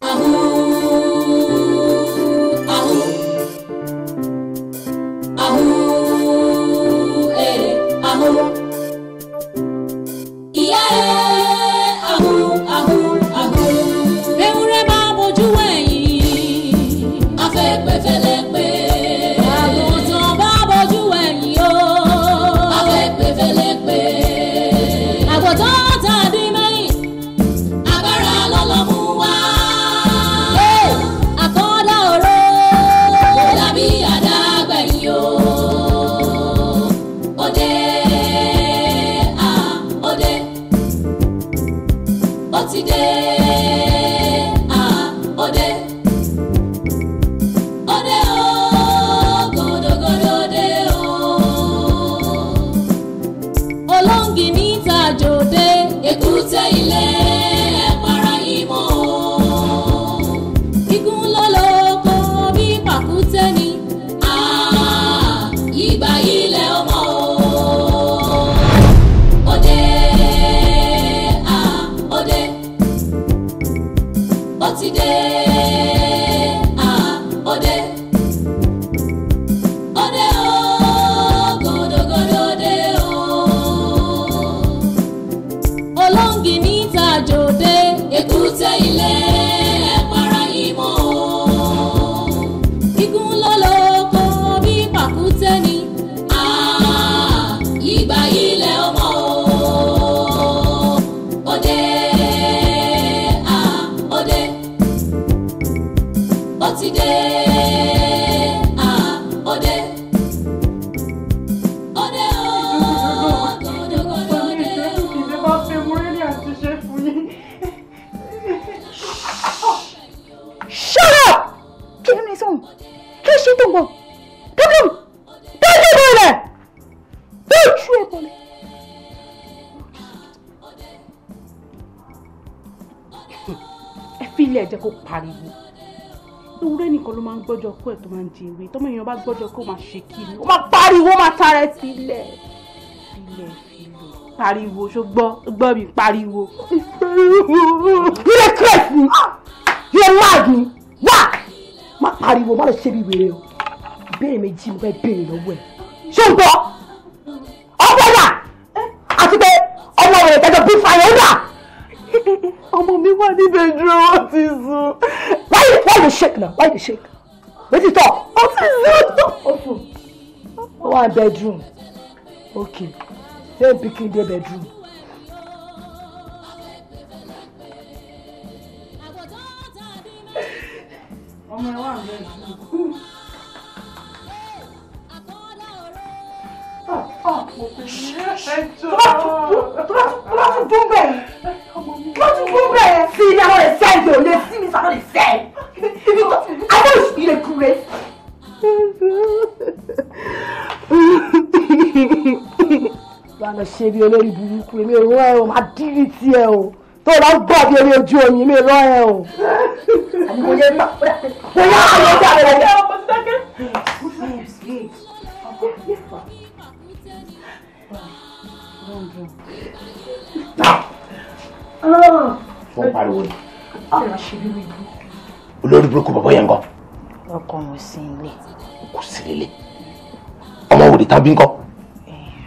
Oh. kó pariwo ewúrẹ́ nìkan ló máa ń gbọ́jọ kó ẹ̀ tó máa ń di ewé tọ́mọ èèyàn bá gbọ́jọ kó máa ṣe kiri ó máa pariwo máa tara ẹ sílẹ̀ sílẹ̀ sílẹ̀ pariwo ṣó gbọ́ mi pariwo. ilé crèche ni ilé mag ni wá má pariwo má lọ ṣe bí wèrè o ìbéèrè méjì mo fẹ́ béèrè lọ́wọ́ ẹ̀ ṣé why why you shake now why you shake it talk open zero open one bedroom okay same pikin dey bedroom. ọmọ Oh! wà ń Oh! Ah, ah. tó bá Oh! dún bẹ́ẹ̀ wọ́n tún fún bẹ́ẹ̀ sí ilé àwọn ẹ̀sẹ̀ ìjọ lè sí mi sàlọ́ lè sẹ́ ibi tó adé òṣì lè kú rẹ. lọ́nà ṣe bí olórí burúkú èmi ò rán ẹ o máa dírí tí ẹ o tó o bá ń gbọ́ bí eré ojú oyin mi rán ẹ o. mo yẹ ma mo yẹ àwọn ọjà rẹ. Stop! wọ́n pariwo ni. olórí burúkú bàbá yẹn ń kọ́. ọkọ mi ò sí ilé. kò sí ilé ọmọ òde tàbí ńkọ́.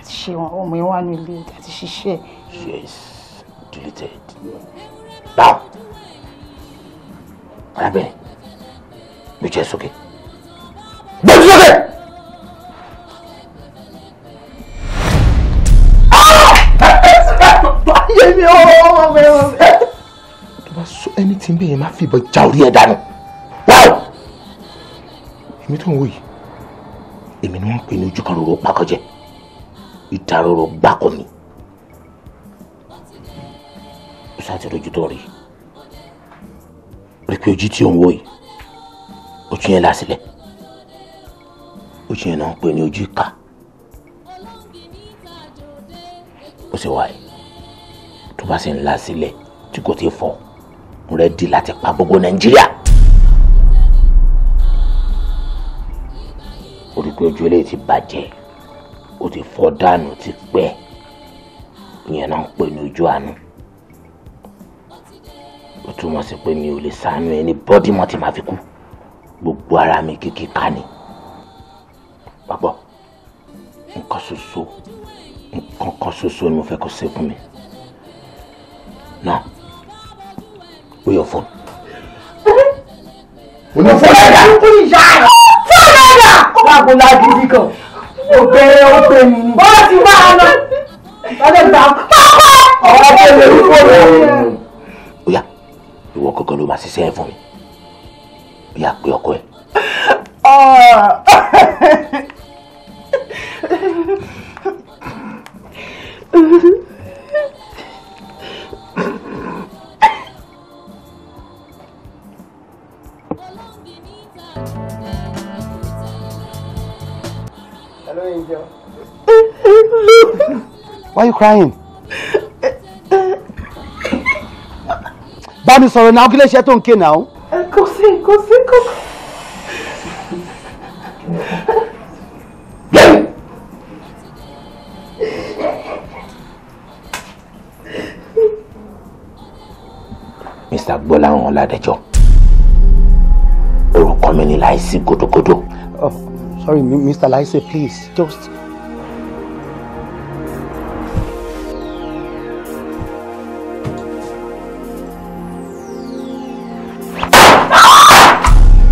ṣé ọmọ yẹn wà ní ilé àti ṣiṣẹ́. yes deleted now arábìnrin mi jẹ sókè. gbèsè sókè. ti ń bẹ̀rẹ̀ má fìbọn já orí ẹ̀ dànù wáò èmi tó ń wò yìí èmi ni wọ́n pè ní ojú kan rorò pákọ́jẹ́ ìdáròrò gbáko mi ó sáà ti rojú tó rí rí pé ojú tí òun wò yìí ojú yẹn lásìlẹ̀ ojú yẹn náà ń pè ní ojú ìka ó sì wáyé tó bá sì ń lásìlẹ̀ tí kò tí ì ready láti pa gbogbo nàìjíríà. orí pé ojú eléyìí ti bàjẹ́ ó ti fọ́ dànù ti pẹ́ ìyẹn náà ń pè ní ojú àánú ó túmọ̀ sí pé mi ò lè sànú ẹni bọ́dí mọ́ ti máa fi kú gbogbo ara mi kíkí ká ni gbàgbọ́ nǹkan ṣoṣo nǹkan kan ṣoṣo ni mo fẹ́ kó ṣe fún mi náà with your phone. Mo ní fún ẹ̀dá. Fún ẹ̀dá. Láàbò lágídí kan. Ó bẹ̀rẹ̀ ó bẹ̀ mí ni. Bọ́lá ti bá a lọ. Lọ́dẹ̀ gbà. Ọ̀rọ̀ bẹ̀rẹ̀ lórí fóònù. Oya, ìwọ kankan ló máa ṣiṣẹ́ ẹ̀ fún mi. Oya pé ọkọ ẹ. Mm-hmm. Why are you crying? Bá mi sọ̀rọ̀ náà, kí lè ṣe tó ń ké náà? Kò sí, kò sí, kò sí. Mr. Gbọ́láhàn Ọládẹjọ́, orúkọ mi ni Láìsí Gódógódó. Sorry, Mr. Lysa, please, just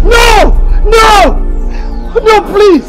No! No! No! please.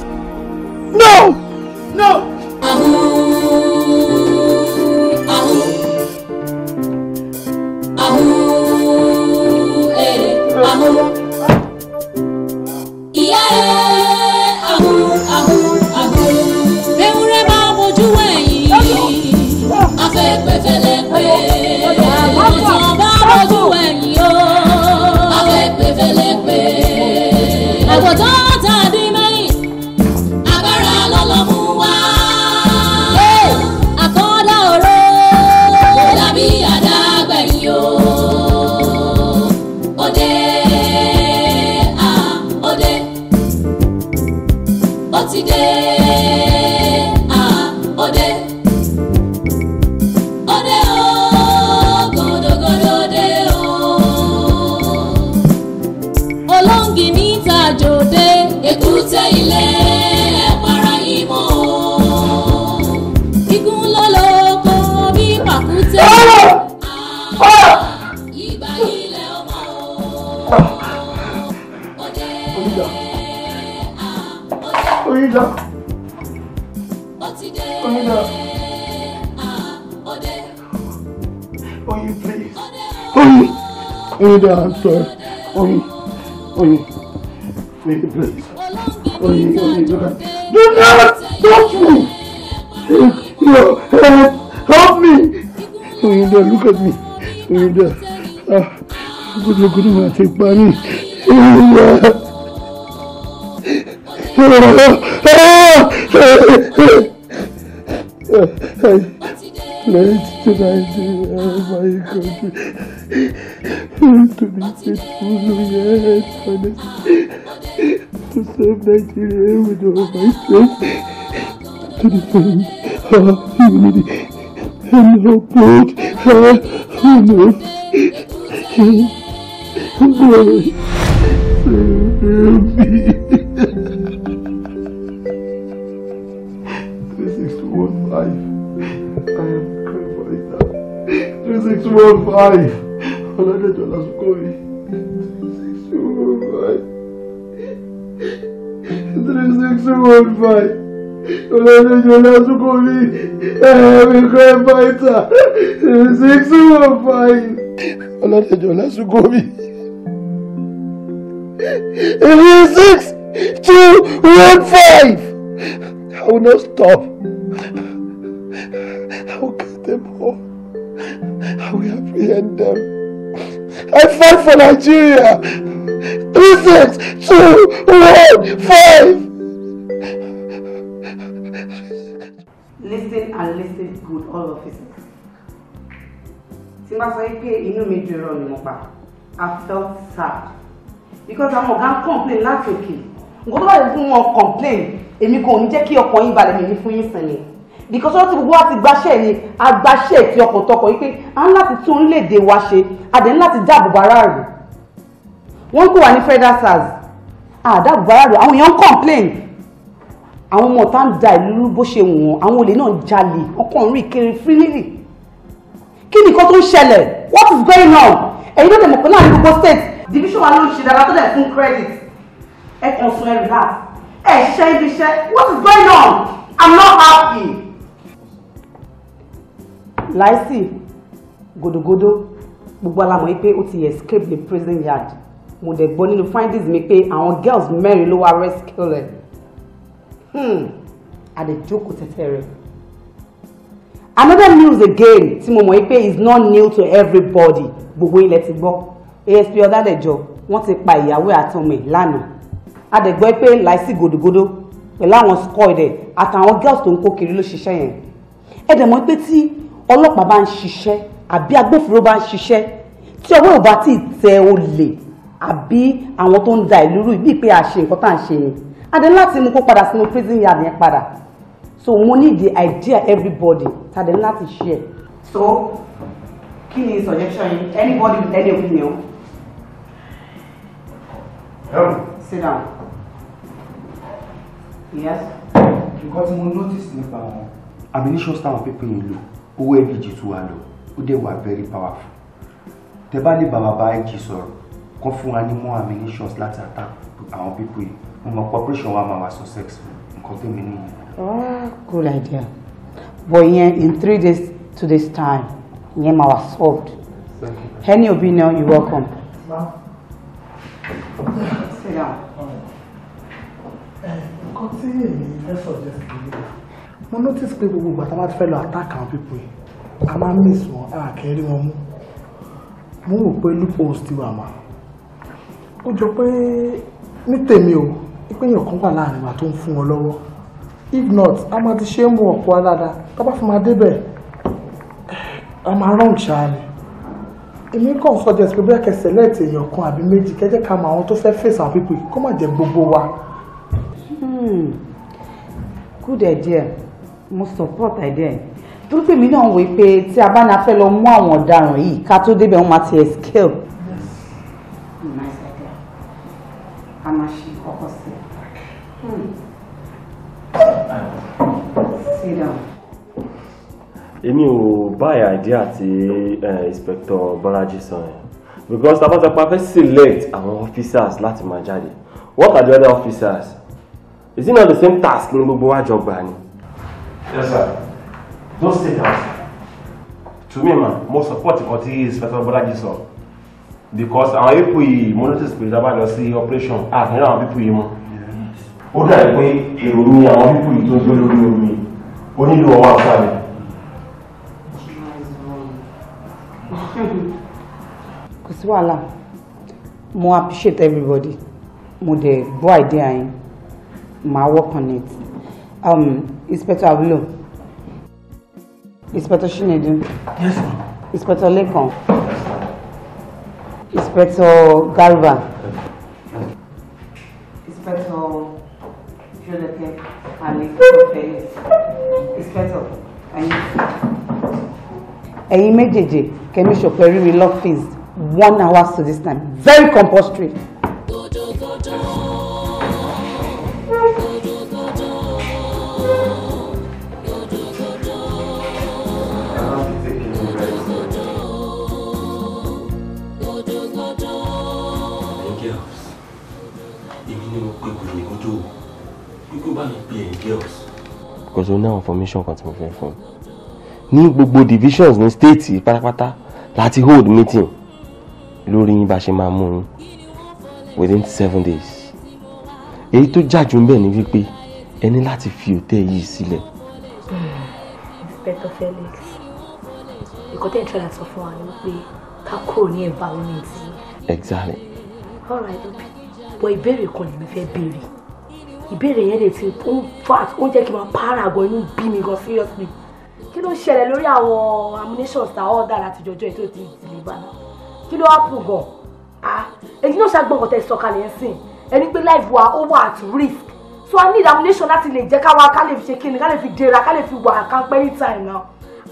Please, please. Oh, you, oh, you, do not! Don't move! No, help! Help me! Oyinda, look at me. Oyinda. Ah, good look at me. Take money. Oyinda. Let tonight be my country. To be faithful, yes, honest to serve Nigeria with all my strength to defend our and our boat, our honor. Lord, save me. Three six one five. I am crying for it now. Three six one five. Hundred dollars going. six one five olódejọlá sukori ẹ̀ẹ́dẹ́gbẹ́ fáìtà six one five olódejọlá sukori six two one five I will not stop I will get them all I will apprehend them I fight for Nigeria three six two one five. listen and listen good all of it tí máa sọ pé inú mi dùn irọ́ ni mo pa i felt sad because àwọn ọ̀gá ń complain láti òkè nǹkan tó bá yẹ fún wọn complain èmi kò ní jẹ́ kí ọkàn yín balẹ̀ mi ní fún yín sinmi because wọ́n ti gbogbo wa ti gbaṣẹ́ ni agbaṣẹ́ ti ọkàn tọkàn yìí pé a ń láti tún léde wa ṣe àdé ń láti dáàbò bàrà rẹ̀ wọ́n ń pè ní federal àdáàbò bàrà rẹ̀ àwọn èèyàn ń complain àwọn ọmọ ọ̀tá ń da ìlú bó ṣe wù wọ́n àwọn olè náà jalè ọkàn rìn kiri freely kí ni nǹkan tó ń ṣẹlẹ̀ what is going on ẹ̀yin ló dẹ̀ mọ̀ pé láàrin gbogbo state division wa ló ń ṣe dára tó dẹ̀ fún credit ẹ kàn fún ẹ relax ẹ ṣe ibi iṣẹ́ what is going on i'm not happy. láìsí gòdògòdò gbogbo alamọ̀ yìí pé ó ti escape the prison yard mo dẹ̀ gbọ́ nínú findings mi pé àwọn girls mẹ́rin ló wá rescue rẹ̀. Hmm àdèjókòó tẹ́tẹ́ rẹ̀. another news again tí mo is not new to everybody gbogbo ilẹ̀ ti gbọ́ ASP Ọ̀dádẹ̀jọ wọ́n ti pa ìyàwó àtọmọ ẹ̀ lánàá adẹ̀gbọ́ pé láìsí gòdògòdò pẹ̀lú àwọn squad ẹ̀ àtàwọn girls tó ń kó kiri ló ṣiṣẹ́ yẹn ẹ dẹ̀ mọ̀ pé tí ọlọ́pàá bá ń ṣiṣẹ́ àbí agbófinró bá ń ṣiṣẹ́ tí ọwọ́ ò bá tí ì tẹ olè àbí àwọn tó ń da ìlú rú bíi pé àṣe nǹkan tá à ń ṣe ni adé láti mú kó padà sínú prison yard yẹn padà so mo ní the idea everybody tàdé láti share. so kí ni suggestion yìí anybody with any opinion. hello. sit down. yes. nǹkan tí mo notice nípa wọn ammunition táwọn pípín yìí lò owó ẹbí jì tú wa lọ ó dẹ̀ wà very powerful tẹ bá lè bá bàbá ẹjì sọ̀rọ̀ kán fún wa ní more ammunition láti attack àwọn pípín yìí mo mọ̀ corporation wa máa wà successful nǹkan tẹ̀mí nìyẹn. Oh, good idea. But yẹn in three days to this time, yẹn was wa solved. Any obi now, you welcome. Sit down. Nǹkan tí èmi fẹ́ suggest ni mo notice pé gbogbo ìgbà tá a bá ti fẹ́ lọ attack àwọn people yìí, a máa miss wọn, a kì í rí wọn mú. Mo rò pé loopholes ti wà mà. Ó jọ pé ní tèmi o, ìpínyàn kan wà láàrin wa tó ń fún wọn lọ́wọ́ if not a máa ti ṣe é mú ọ̀pọ̀ aláda tó bá fi máa débẹ̀ a máa rán ìṣá ni èmi kàn suggest pé bẹ́ẹ̀ kẹ́ select èèyàn kan àbí méjì kẹ́jẹ́ ká mọ àwọn tó fẹ́ face àwọn pípé kó má jẹ́ gbogbo wa. Hmm. good idea mo support idea torí pèmí náà wò pé tí a bá na fẹ́ lọ mú àwọn ọ̀daràn yìí ká tó débẹ̀ wọ́n máa ti escape. a máa ṣe sit down. èmi ò báyà idea tí eh, inspector Bọ́lájí sọ yẹn because tabatapa fẹ́ select àwọn officers láti máa jáde what are the other officers is it not the same task ní gbogbo wájọ gbà ni. yes sir don't stay down to me ma mo support nǹkan inspector Bolaji sọ because àwọn ipò yìí mo notice pé ìjọba lọ sí operation àfihàn àwọn pípò yìí mọ́ ó dàbí pé èrò ni àwọn pípò yìí tó gbé lórí omi onílù ọwọ́ àfàlẹ̀ kò sí wàhálà mo appreciate everybody mo dẹ̀ gbọ́ idea yín màá work on it um, inspector abulo inspector Shinedu. yes ma inspector Lekan yes ma inspector Garba yes. inspector Joleke and inspector Fẹ́yìn ẹ̀yin méjèèjì kẹ́mi ṣọ̀pẹ́ rí lock lọ́fíìsì one hour to this time very compulsory. because ó ní àwọn information kan tí mo fẹ́ fún ní gbogbo divisions ní state pátápátá láti hold meeting lórí yín bá ṣe máa mú within seven days èyí tó jájú ń bẹ̀ ni wípé ẹ ní láti fi òtẹ́ yìí sílẹ̀. inspector Felix nǹkan tẹ́ ẹ̀ tẹ́lẹ̀ sọ fún wa ni wípé ká kúrò ní environment exactly. all right bọ ìbéèrè kan lèmi fẹ́ béèrè ìbéèrè yẹn lè ti in fact ó jẹ́ kí n máa para gan inú bí mi gan seriously kí ló ṣẹlẹ̀ lórí àwọn ammunition ta ọ̀dà láti jọjọ́ ètò ti deliver náà kí ló happen gan ah èyí náà ṣàgbọ́n nǹkan tẹ̀ sọ̀kalẹ̀ ẹ̀ sìn ẹni pé life wa ó wà at risk so i need ammunition láti lè jẹ́ ká wá ká lè fi ṣe kíni ká lè fi dèrà ká lè fi wà kánpẹ́ ní time náà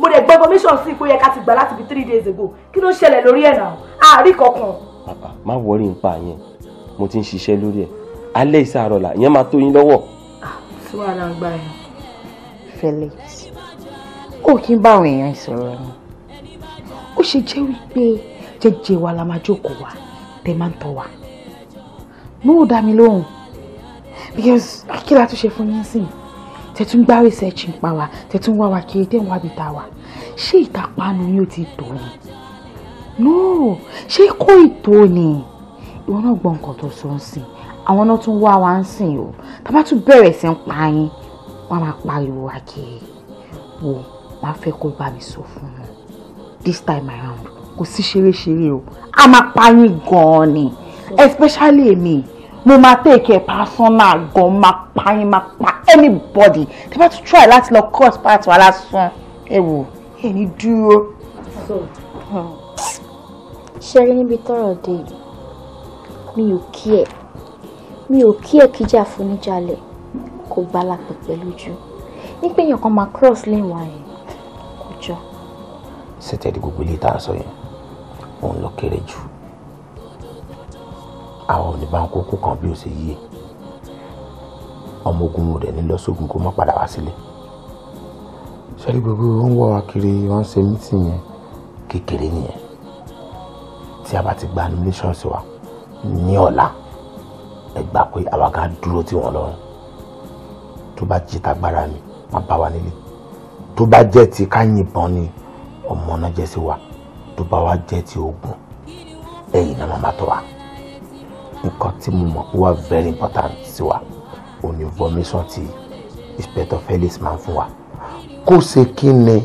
mo dẹ̀ gbọ́ information sí pé ó yẹ ká ti gbà láti bí three days ago kí ló ṣẹlẹ̀ lórí ẹ̀ náà àárí kankan. bàbá má wọrí nípa yẹn mo ti ń ṣiṣẹ́ lórí ẹ̀ alẹ́ ìsàrọ̀là ìyẹn máa tó yín lọ́wọ́. Ah, tí wàá la gba yẹn. Felix ó kí n bá àwọn èèyàn sọ̀rọ̀ ni ó ṣe jẹ́ wípé jẹ́jẹ́ wa la máa jókòó wa tẹ́ máa ń tọ́ wa ní ò dá mi lóhùn because kí la tún ṣe fún yín sìn tẹ́ gbá research ń pa wa tẹ́ tún wá wa kiri tẹ́ ń wá bi ta wa ṣé ìtàpánu yóò ti tó ni no ṣé kó ìtó ni ìwọ náà gbọ́ nǹkan tó sọ ń sìn àwọn náà tún wá wa ń sìn o tá a bá tún bẹ̀rẹ̀ sí ń pa yín wọ́n á máa pariwo àjẹ́ wo máa fẹ́ kó bá mi sọ fún un this time around kò sí ṣeréṣeré o a máa pa yín gan-an ni especially èmi mo máa take a personal gan máa pa yín máa pa anybody tá a bá tún try láti lọ cause part wa lásán ẹ wò ẹ ní dúró. ṣe rí níbi tọrọ dé mi ò kí ẹ mi ò kí ẹ̀kíjà foníjàlẹ̀ kò gbálapẹ̀ pẹ̀lú jù ní èèyàn kan máa cross lane wa yẹn kò jọ. sẹ́tẹ̀rì gbogbo ilé tá a sọ yẹn òun ló kéré jù àwọn oníbàǹkókò kan bí ó ṣe yíyẹ ọmọ ogun rẹ̀ ní lọ́sọ̀gùn kó má padà wá sílé sẹ́rí gbogbo wọn wọ́ wa kiri wọ́n ṣe mítìn yẹn kékeré nìyẹn tí a bá ti gba anulation sí wa ní ọ̀la ẹ gbà pé àwa ká dúró tí wọ́n lọ́rùn tó bá jẹ́ tagbára mi wọ́n bá wa nílé tó bá jẹ́ ti ká yìnbọn ni ọmọ náà jẹ́ sí wa tó bá wa jẹ́ ti ogun ẹ̀yìn náà máa tọ́ wa nǹkan tí mo mọ̀ wà very important sí wa ò ní information ti inspector Felix máa ń fún wa kó ṣe kí ni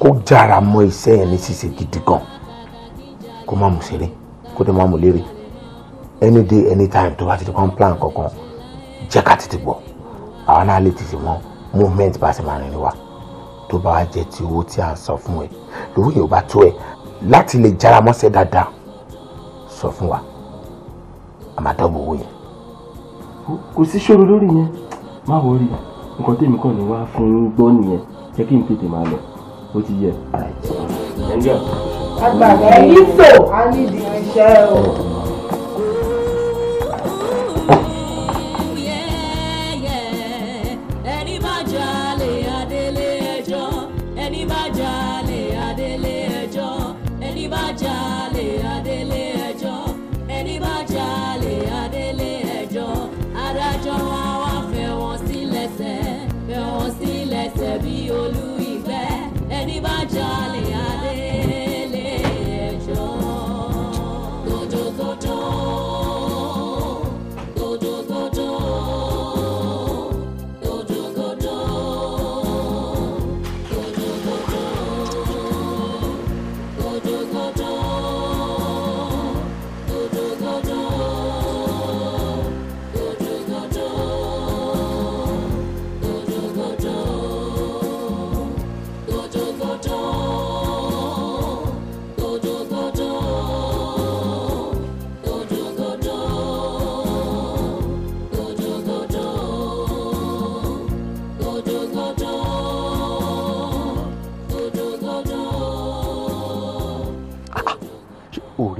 kó jára mọ́ iṣẹ́ yẹn ní ṣíṣe gidi gan kó má mú ṣeré kó dé má mú lérè any day any time tó bá ti di kan plan kankan jẹ́ ká tètè gbọ́ àwa náà lè tètè mọ movement bá ti máa rìn ní wa tó bá wá jẹ́ ti owó tí a sọ fún ẹ lówó yóò bá tó ẹ láti lè jára mọ́sẹ̀ dáadáa sọ fún wa a máa dọ́gbọ̀ owó yẹn. kò sí ṣòro lórí yẹn má wọrí nǹkan tèmi kàn ní wá fún un gbọ́ nìyẹn jẹ́ kí n tètè máa lọ ó ti yẹ. àgbàdo ẹ̀yìn tó a ní ìdí irinṣẹ́ o.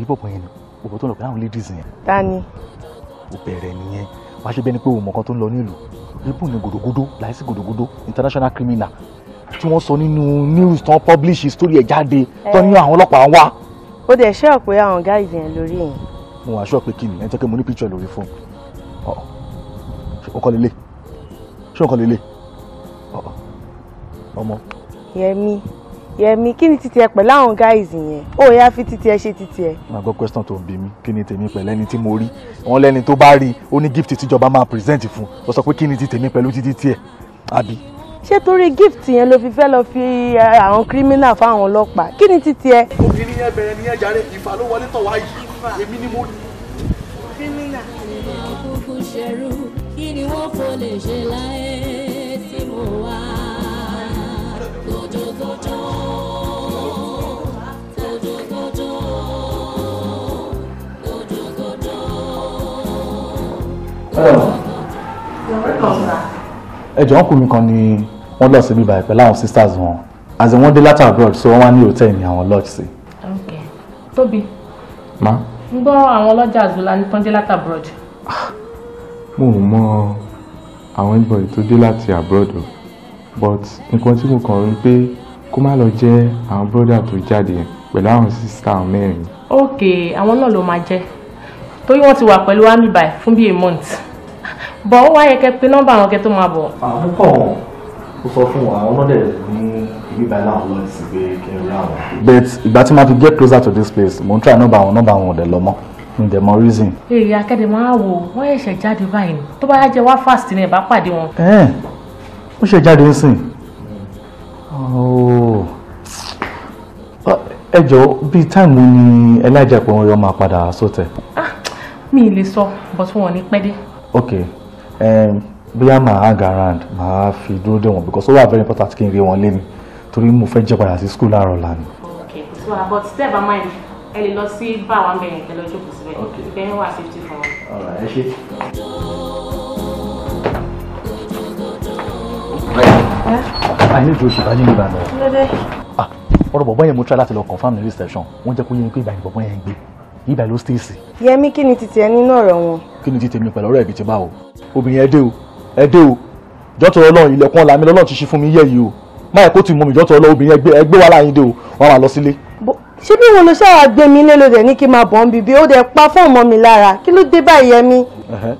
pọ̀pọ̀ yẹn ni òwò tó lọ pẹ̀lú àwọn ladies yẹn. ta ni. o bẹ̀rẹ̀ nìyẹn wàá ṣe bẹ́ẹ̀ ni pé òun mọ̀kan tó ń lọ nílùú ibù ni gòdògòdò láìsí gòdògòdò international criminal tí wọ́n sọ nínú news tán publish story ẹ̀ jáde tán ní eh. àwọn ọlọ́pàá wá. ó dẹ̀ ṣọ́ pé àwọn guys yẹn lórí yẹn. mo wàá ṣọ́ pé kí ni ẹni tó kẹ́ mo ní picture lórí fóònù ọkọ lélẹ̀ ṣé ọkọ lélẹ̀ ọmọ yẹmi kí ni titi ẹ pẹ̀lú àwọn guys yẹn ó yá fi titi ẹ ṣe titi ẹ. màá gbọ́ question tó ń bí mi kí ni tèmi pẹ̀lú ẹni tí mo rí wọn lẹ́ni tó bá rí ó ní gift tíjọba máa present fún ó sọ pé kí ni ti tèmi pẹ̀lú títí tiẹ̀ àbí. ṣé torí gift yẹn ló fi fẹ́ lọ fi àwọn criminal fáwọn ọlọ́pàá kí ni titi ẹ. obìnrin yẹn bẹ̀rẹ̀ ní ẹja rẹ̀ ìfà ló wọlé tọ̀ wá yìí èmi ni mo rí. criminal. kúkú ṣerú kí ni wọ́n kò lè ṣe láyé tí mo wá lójoojúmọ́. ẹ jọ ọkùnrin kan ni wọ́n lọ síbi báyìí pẹ̀lú àwọn sisters wọn as in wọ́n dé láti abroad so wọ́n wá ní hotel ní àwọn lodge sí. ok tóbi. ma. ń gbọ́ àwọn ọlọ́jà àzùlá ní tán dé láti abroad. Ah, mo mọ àwọn ìbọn tó dé láti abroad o but nǹkan tí mo kàn rí pé kó má lọ jẹ́ àwọn brother tó jáde pẹ̀lú àwọn sister mẹ́rin. ok àwọn náà ló máa jẹ́ torí wọ́n ti wà pẹ̀lú wa mi báyìí fún bíi a month bọ̀ ó wá yẹ kẹ́ pé nọ́mbà àwọn kẹ́ tó máa bọ̀. àwọn kọ̀ ó sọ fún àwọn ọlọ́dẹ̀ ní ibi báyìí láwọn lọ sí pé kí n rí àwọn. but ìgbà tí màá fi get closer to this place mò ń try nọ́mbà àwọn nọ́mbà àwọn ọ̀dẹ̀ lọ mọ́ n dẹ̀ mọ reason. èyí akẹ́dẹ̀ máa wò wọ́n ṣẹ̀ṣẹ̀ jáde báyìí ni tó bá jẹ́ wá fast ni ẹ̀ bá pàdé wọn. ẹ ó ṣe jáde ń sìn oh. ẹ jọ bíi táìmù ni ẹlẹ́jàpọ̀ wọn yọ máa padà sóòtẹ̀. ah mi lè sọ but wọn ò ní pẹ́ dé. ok bóyá màá hang around màá fi dúró dé wọn because ó wà very important kí n rí wọn lé mi torí mo fẹ́ jẹ́ padà sí school láàárọ̀ lánàá. ok so about uh, step by mind ẹ lè lọ sí bá àwọn abẹ́rẹ́ ẹ lọ jókòó síbẹ̀ bẹ́ẹ̀ wà fifty fún wọn. Ah, ọ̀rọ̀ ẹ ṣe. àyè ìjọ òṣèlú ayé mi bàbá. ọ̀rọ̀ bọ̀bọ̀ yẹn mo try láti lọ confam ní reception wọ́n jẹ́ kó yẹ kó ìgbà yẹn bọ̀bọ̀ yẹn gbé ibà ló stay sí. yẹmi kí ni titi ẹ nínú ọ̀rọ̀ wọn. kí ni titi mi pẹ̀lú ọ̀rọ̀ ẹbí ti bá o obìnrin ẹ dé o ẹ dé o jọtọ Ọlọ́run ilẹ̀kùn ọlàmí lọ́lọ́run ti ṣí fún mi yẹ yìí o máa kó tì mú mi jọtọ Ọlọ́run obìnrin ẹ gbé wa láyé dé o wọn máa lọ sílé. ṣé bí wọn lọ ṣáà gbé mi lélò dẹ ní kí n máa bọ̀ ń bíbí ó dẹ pa fún ọmọ mi lára kí ló dé báyìí yẹmi.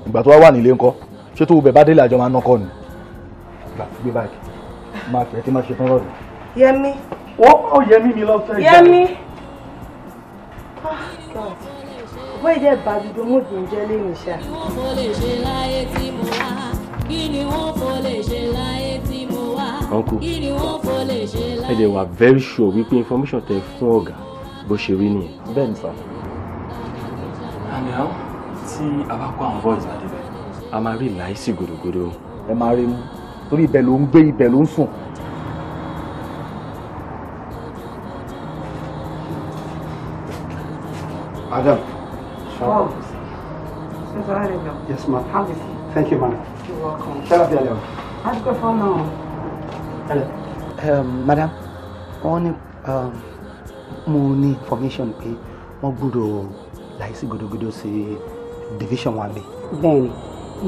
ìgbà tó wá wà nílé ńkọ́ ṣé tó bẹ yẹmi bó ìdẹ́ bá gbogbo mòdì ń jẹ́ lé nìṣà. kí ni wọ́n fò lè ṣe láyé tí mo wá kí ni wọ́n fò lè ṣe láyé tí mo wá kí ni lè wà very sure wípé information tẹ fún ọ̀gá bó ṣe rí nìyẹn. bẹ́ẹ̀ ni sà. àmì àwọn tí a bá kó àwọn boys àdébẹ̀ a máa rí láìsí gòdògòdò. ẹ máa rí mú torí ibẹ̀ ló ń gbé ibẹ̀ ló ń sùn Adam. Sure. Oh. Yes, ma'am. Have a seat. Thank you, ma'am. You're welcome. Shut up, Yellow. I'll go for now. Hello. Um, madam, wọ́n ní um, mo ní information pé like gbúdọ̀ láìsí gòdògòdò sí division one mi. Then,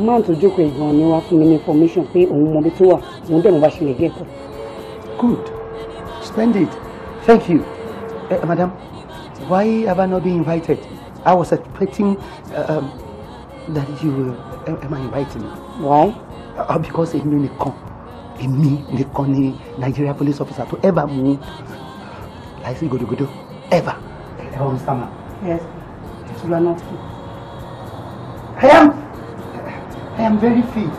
man to jókòó ìgbọ̀n ni wá have money information pé òun mọ ibi tó wà, òun dẹ̀ mo bá ṣe lè gẹ̀ẹ́kọ̀. Good, splendid, thank you. Eh, madam, Why have I not been invited? I was expecting uh, um, that you will uh, am I inviting me? Why? Uh, because èmi nìkan èmi nìkan ni Nigeria police officer to ever move, I mú láìsí gòdògòdò ever. Ẹ Yes, you are not fit. I am I am very fit.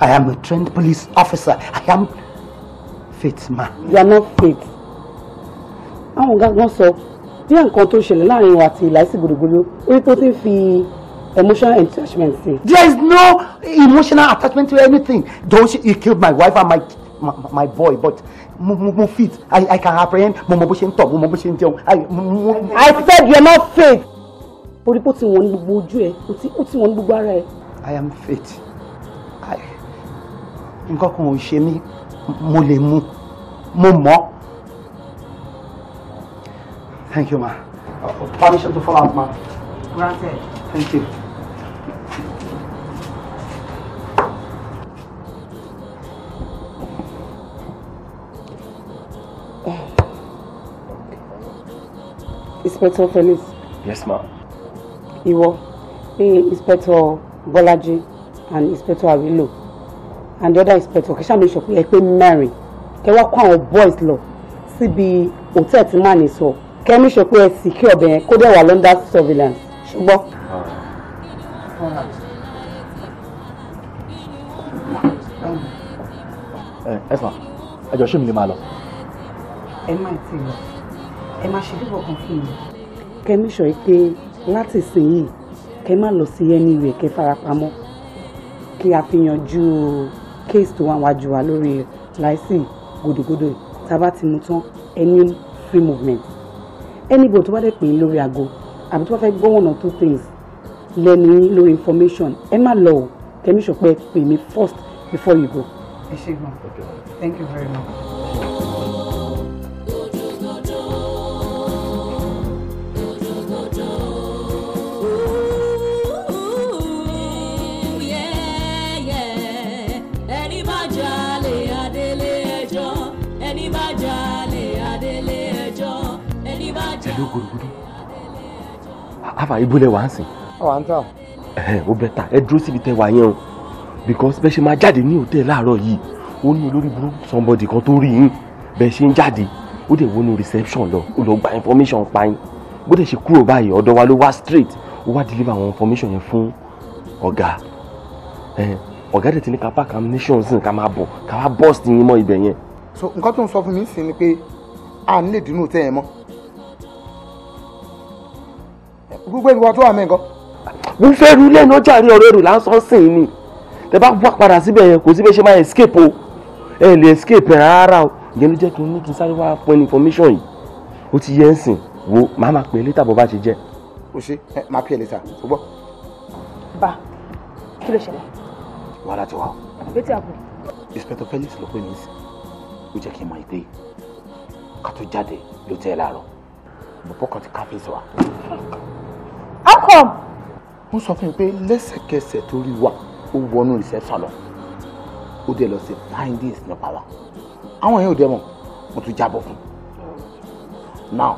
I am a trained police officer. I am fit man. You are not fit. Àwọn gangan sọ. So díẹ̀ nǹkan tó ṣẹlẹ̀ láàrin wa àti láìsí gbòdògbòdò orí tó ti fi emotional attachment sí. there is no emotional attachment to anything though she he killed my wife and my my, my boy but mo mo mo fit i i can apprehend mo mo bó ṣe ń tọ̀ mo mo bó ṣe ń jẹun i i said you are not fit. orí kò tí wọ́n ní gbogbo ojú ẹ̀ kò tí ó tí wọ́n ní gbogbo ara ẹ̀. i am fit nǹkan kan ò ṣe mí mo lè mu mo mọ̀ Thank you, ma. Uh, permission to follow up, ma. Granted. Thank you. Inspector Felix. Yes, ma. Iwo, Inspector Bolaji and Inspector Awilo and the other inspector kìí ṣàmì ìṣọ̀pẹ̀ ẹ pé Kwa kẹ wá boys lo, síbi o tí màá ní sọ. So kẹ́mi ṣe pé ẹ sì kí ọ̀bẹ yẹn kó dẹ̀ wà under surveillance ṣùgbọ́n. ẹ sàn ẹ jọ ṣé mi lè máa lọ. ẹ má ti lọ ẹ má ṣe bíbọ̀ kan fún mi. kẹ́mi sọ pé láti sìn yìí kẹ́ má lọ sí ẹni ìwé kẹ́ farapamọ́ kí a fi yanjú kéèsì tó wà wájú wa lórí láìsí gòdògòdò tá a bá ti mú tán ẹni free movement. Anybody tó bá dẹ̀ pè é lórí aago àbí tó bá fẹ́ gbọ́ one or two things lẹ́ni lórí information ẹ má lọ o kẹ́mi sọ pé pè mí first before you go. ẹ ṣé gan thank you very much. gòdògòdò gòdògòdò àbá ibùlẹ̀ wà á sìn. àwa ń tà. ẹ ò bẹ ta ẹ dúró síbi tẹ wà yẹn o because bẹ́ẹ̀ ṣe máa jáde ní hòtẹ́ẹ̀lì láàárọ̀ yìí ó ní olórí burúkú somebody kan tó rí yín bẹ́ẹ̀ ṣe ń jáde ó dẹ̀ wọnú reception lọ ó lọ gba information pa yín bó dẹ̀ ṣe kúrò báyìí ọ̀dọ̀ wa ló wá straight ó wá deliver àwọn information yẹn fún ọ̀gá ọ̀gá dẹ̀ ti ní ká pack ammunition sí ká máa bọ̀ ká wá bust yín mọ́ ibẹ̀ yẹn. so nǹkan tó ń sọ fún mi sí ni pé a nílè dínú tẹ́ gbogbo ìwọ tó wà mí nǹkan. mo fẹ́ ru ilé iná jàre ọ̀rọ̀ èrò lásán sìn ni tẹ bá wá padà síbẹ̀ yẹn kò síbẹ̀ ṣe máa escape o ẹ lè escape rárá o ìyẹn ló jẹ́ kí n ní kí n sáré wá pọn information yìí ó ti yẹ ń sìn wo màá máa pè é létà bó bá ṣe jẹ́. o ṣe ẹ máa pè é létà o gbọ́. bá kí ló ṣẹlẹ̀. wàhálà ti wà o. àbẹ̀tì àbò. inspector felix ló pè mí sí ó jẹ́ kí n mọ ìpè ká tó jáde ló tẹ́ ẹ láàárọ̀ bọ̀bọ̀ kan ti káfíńsì wa how come. wọ́n sọ fún mi pé lẹ́sẹ̀kẹsẹ̀ tó rí wa ó wọnú reception lọ ó dẹ̀ lọ sí findings nípa wa àwọn yẹn ò dẹ̀ mọ̀ mo tún jábọ̀ fún now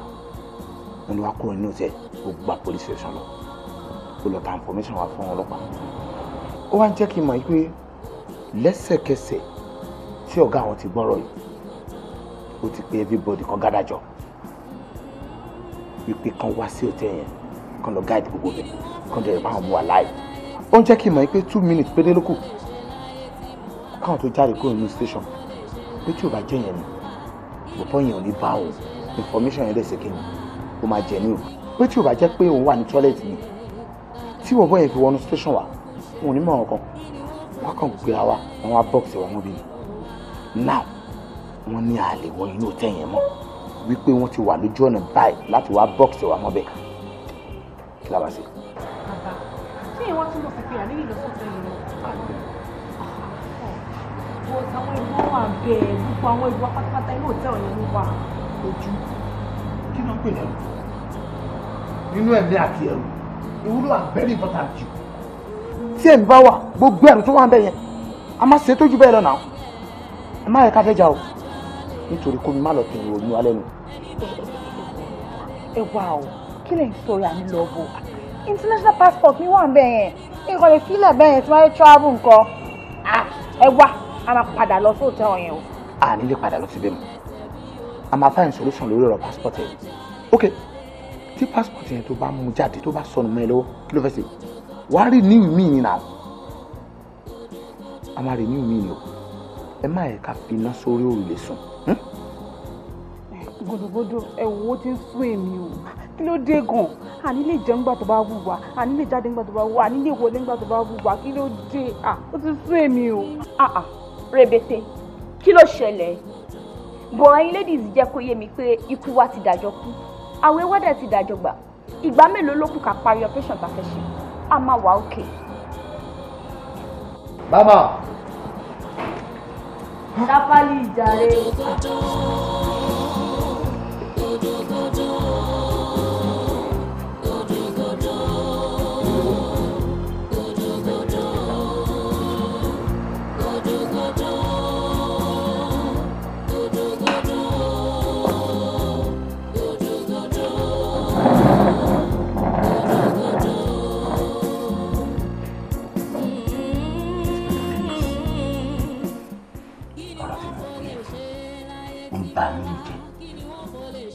mo ní wàá kúrò nínú iṣẹ́ ó gba police station lọ ó lọ ta information wa fún ọlọ́pàá ó wá ń jẹ́ kí n mọ̀ pé lẹ́sẹ̀kẹsẹ̀ tí ọ̀gá àwọn ti gbọ́rọ̀ yìí ó ti pe everybody kan gádàjọ wípé kan wá sí òtẹ́ yẹn kàn lọ guide gbogbo bẹ̀ kàn dẹ̀ bá mú wa láàyè ó ń jẹ́ kí n mọ̀ pé two minutes péré ló kù káwọn tó jáde kúrò nínú station pé tí ò bá jẹ́ yẹn ni bọ̀bọ̀ yẹn ò ní bá òun information yẹn lẹ́sẹ̀ kí ni ó máa jẹ ní o pé tí ò bá jẹ́ pé òun wà ní toilet ni tí bọ̀bọ̀ yẹn fi wọnú station wa òun ní mọ̀ràn kan wọ́n kàn gbé wa wọn wá box wa mọ́bi ni now wọ́n ní àlè wọ inú tẹ̀yìn mọ́ wípé wọ́n ti wà lójú ọ̀nà báyìí láti wá box wa mọ́bẹ̀ kí la bá sí pé àníyàn ìlọsọ̀tẹ̀ yìí ló àwọn ìbọn wà bẹ́ẹ̀ gbogbo àwọn ìbọn pátápátá inú òtẹ́ọ̀ yẹn ló wà. ojú kí ló ń pè lẹ́nu nínú ẹ̀mí àti ẹ̀rù ìwúlò are very important jù. tí ẹ̀mí bá wà gbogbo ẹ̀rù tó wà ń bẹ̀ yẹn a máa ṣe tójú bẹ́ẹ̀ lọ́nà ẹ má yẹ ká fẹ́ jà o nítorí kó mi má lọ tẹ̀yìn òun ní kí lè ń sọ̀rọ̀ àmì lọ international passport mi wà ń bẹ̀ yẹn nǹkan lè fílẹ̀ bẹ́ẹ̀ yẹn tí wọ́n fẹ́ travel nǹkan ah, ẹ wá a máa padà lọ sóòtẹ́ ọ̀yẹn o. a nílé padà lọ síbẹ̀ mọ́ a máa find solution lórí ọ̀rọ̀ passport yẹn ok tí passport yẹn tó bá mú jáde tó bá sọnù mọ́ ẹ lọ́wọ́ kí ló fẹ́ ṣe wàá rí ní ìmí yìí náà a máa rí ní ìmí o ẹ má yẹ ká fi sórí òrùlé sùn. Hmm? gbòdògbòdò ẹ̀wò owó ti ń sún èmi o kí ló dé gan àní lè jẹun gbà tó bá wù wá àní lè jáde gbà tó bá wù àní lè wọlé gbà tó bá wù kí ló dé à ó ti sún èmi o. rebete kí ló ṣẹlẹ̀ bọ̀rọ̀ yín ladies jẹ́ kó yé mi pé ikú wa ti dàjọ́ kú àwẹ̀ wa dẹ̀ ti dàjọ́ gbà ìgbà mélòó ló kù ká parí operation tá a fẹ́ ṣe a máa wà òkè. bàbá. dápálì ìjà rẹ̀.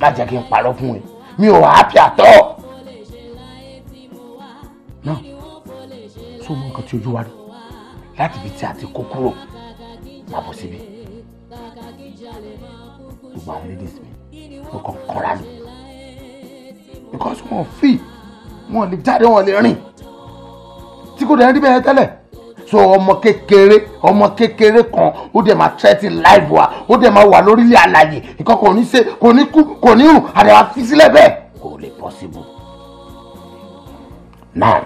má jẹ́ kí n parọ́ fún ẹ mi ò happy at all. náà sọ mọ nǹkan tí ojú wa rí láti ibi tí a ti kó kúrò má bọ̀ síbi gbogbo àwọn ladies mi mo kàn kọ́ra mi because wọn ò fi wọn ò lè jáde wọn ò lè rìn tí kò dẹ̀ ń rí bẹ́ẹ̀ tẹ́lẹ̀ so ọmọ kékeré ọmọ kékeré kan ó dẹ̀ máa tẹ́tí láìbù wa ó dẹ̀ máa wà lórílẹ̀ àlàyé nǹkan kò ní ṣe kò ní kú kò ní hù àdàwà fi sílẹ̀ bẹ́ẹ̀ kò lè possible. now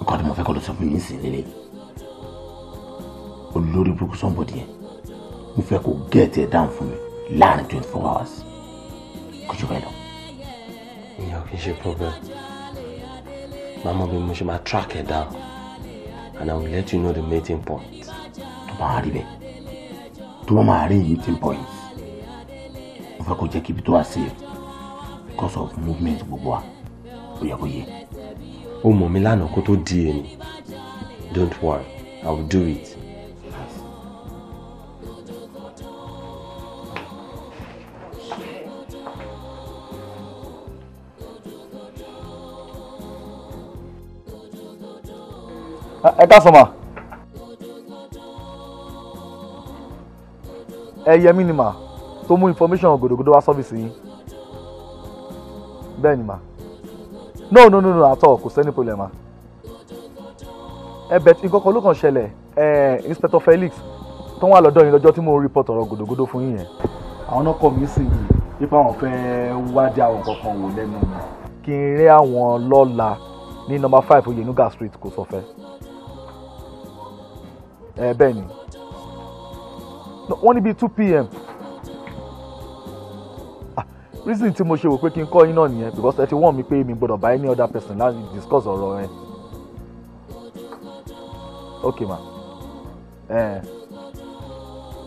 nǹkan tí mo fẹ́ kọ́ lọ sọ fún mi ń sìn lélẹ̀ olórí burúkú somebody yẹn mo fẹ́ kó get ẹ̀ down fún mi láàrin twenty four hours kò jù bẹ́ẹ̀ lọ. ìyá ò ṣe problem màá mọ bí mo ṣe máa track ẹ̀ down and I will let you know the meeting point. tó bá máa rí meeting point mo fẹ́ kó keep it to wá safe because of movement gbogbo wa ó yẹ kó yé. ó mọ̀ mi lánàá kó don't worry I will do it. ẹ káàsán mà ẹ yẹ mí ni mà tó mú information gòdògòdò wá sọ́fíìsì yín bẹ́ẹ̀ ni mà no no no no at all kò sẹ́ni problem ma ẹ bẹ̀ tí nǹkan kan ló kàn ṣẹlẹ̀ ẹ inspector Felix tó wà lọ́dọ̀ yín lọ́jọ́ tí mo report ọ̀rọ̀ gòdògòdò fún yín yẹn àwọn náà kọ̀ mí sí yìí nípa àwọn fẹ́ wádìí àwọn kankan wò lẹ́nu mi kí n rí àwọn lọ́la ní number five Oyenuga street kò sọ fẹ́ ẹ eh, bẹ́ẹ̀ ni wọ́n níbi two pm Ah, reason tí mo ṣe wò pé kí n kọ́ yín náà nìyẹn because ẹ ti wọ́n mi pé mi gbọ́dọ̀ bá any other person láti discuss ọ̀rọ̀ ẹ okay ma ẹ eh,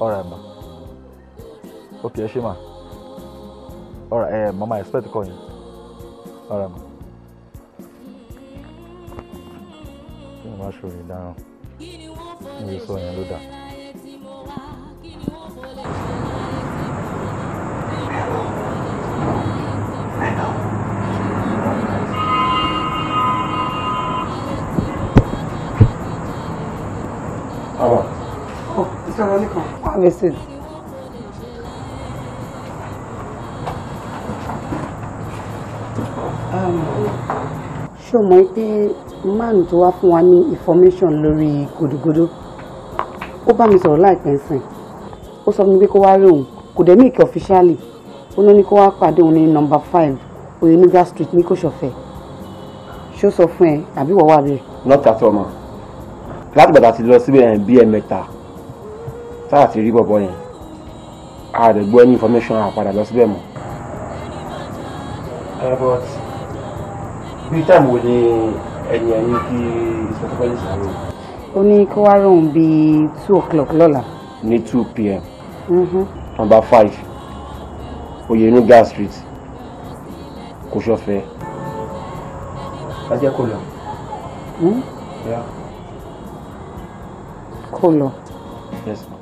alright ma okay ẹ ṣe ma alright ẹ uh, eh, mama expect to call you. alright ma kí ni màá ṣòro mo lè sọ yẹn ló dà. Mrs. ṣó mọ̀ pé máàlù tó wá fún wa ní information lórí gòdògòdò bá mi sọ̀rọ̀ láìpẹ́ sìn ó sọ fún mi pé kó wá rí òun kò dẹ̀ mí ìkẹ́ ọ̀fíṣálì ó ló ní kó wá pàdé òun ní nọ́mbà five oyinúgà street ní kòsọ̀fẹ́ ṣó sọ fún ẹ àbí wọ́n wà bẹ́ẹ̀. lọ́tà tó ọmọ láti gbàdá ti lọ síbẹ̀ yẹn bíi ẹ̀mẹ́ta táà ti rí bọ̀bọ̀ yẹn a rẹ̀ gbọ́ ẹni information àpadà lọ síbẹ̀ mọ́. Uh, but bí táàmù wo ni ẹ̀yìn ẹ̀yìn kí ìsọ̀tọ́fẹ́ ní ó ní kó wá rọrùn bíi two o'clock lọ́la. ní two pm. Mm-hmm. number five oyenu gas street kò ṣọfẹ. ajẹ́ kò lọ. Hmm? kò lọ. yes ma.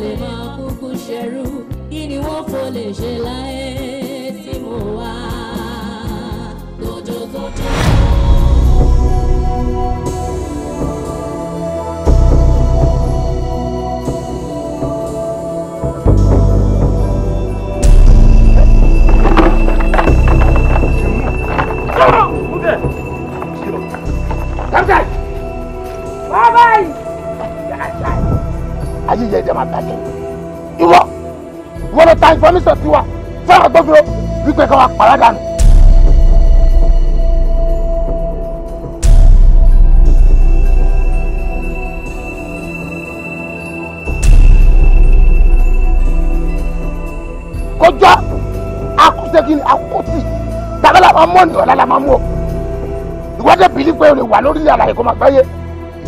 lè máa kúkú ṣerú kí ni wọ́n fò lè ṣe láyé. submission ti wa fún agbófinró wípé ká wa pàrọ̀ dànù. kọjá akúṣegin akúṣì tàbí làwọn mọ ní ọ̀la làwọn mú ọ ìwádìí bìlí pé o lè wà lórí àlàyé kò máa gbáyé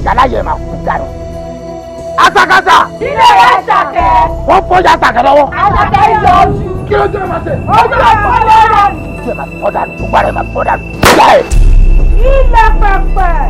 yàrá yẹn máa kú dànù. asakasa. ilé yẹn ṣàkóso wọ́n fọ́ ya sàkà lọ́wọ́. àwọn ọ̀dọ́ yọ ojú. kí ló jẹ́ màá tẹ̀. ojú ọ̀pọ̀ lọ́rọ̀. ìjọba fọ́dà ló gbára ẹ̀ máa fọ́dà ló. ilẹ̀ pẹ̀pẹ̀.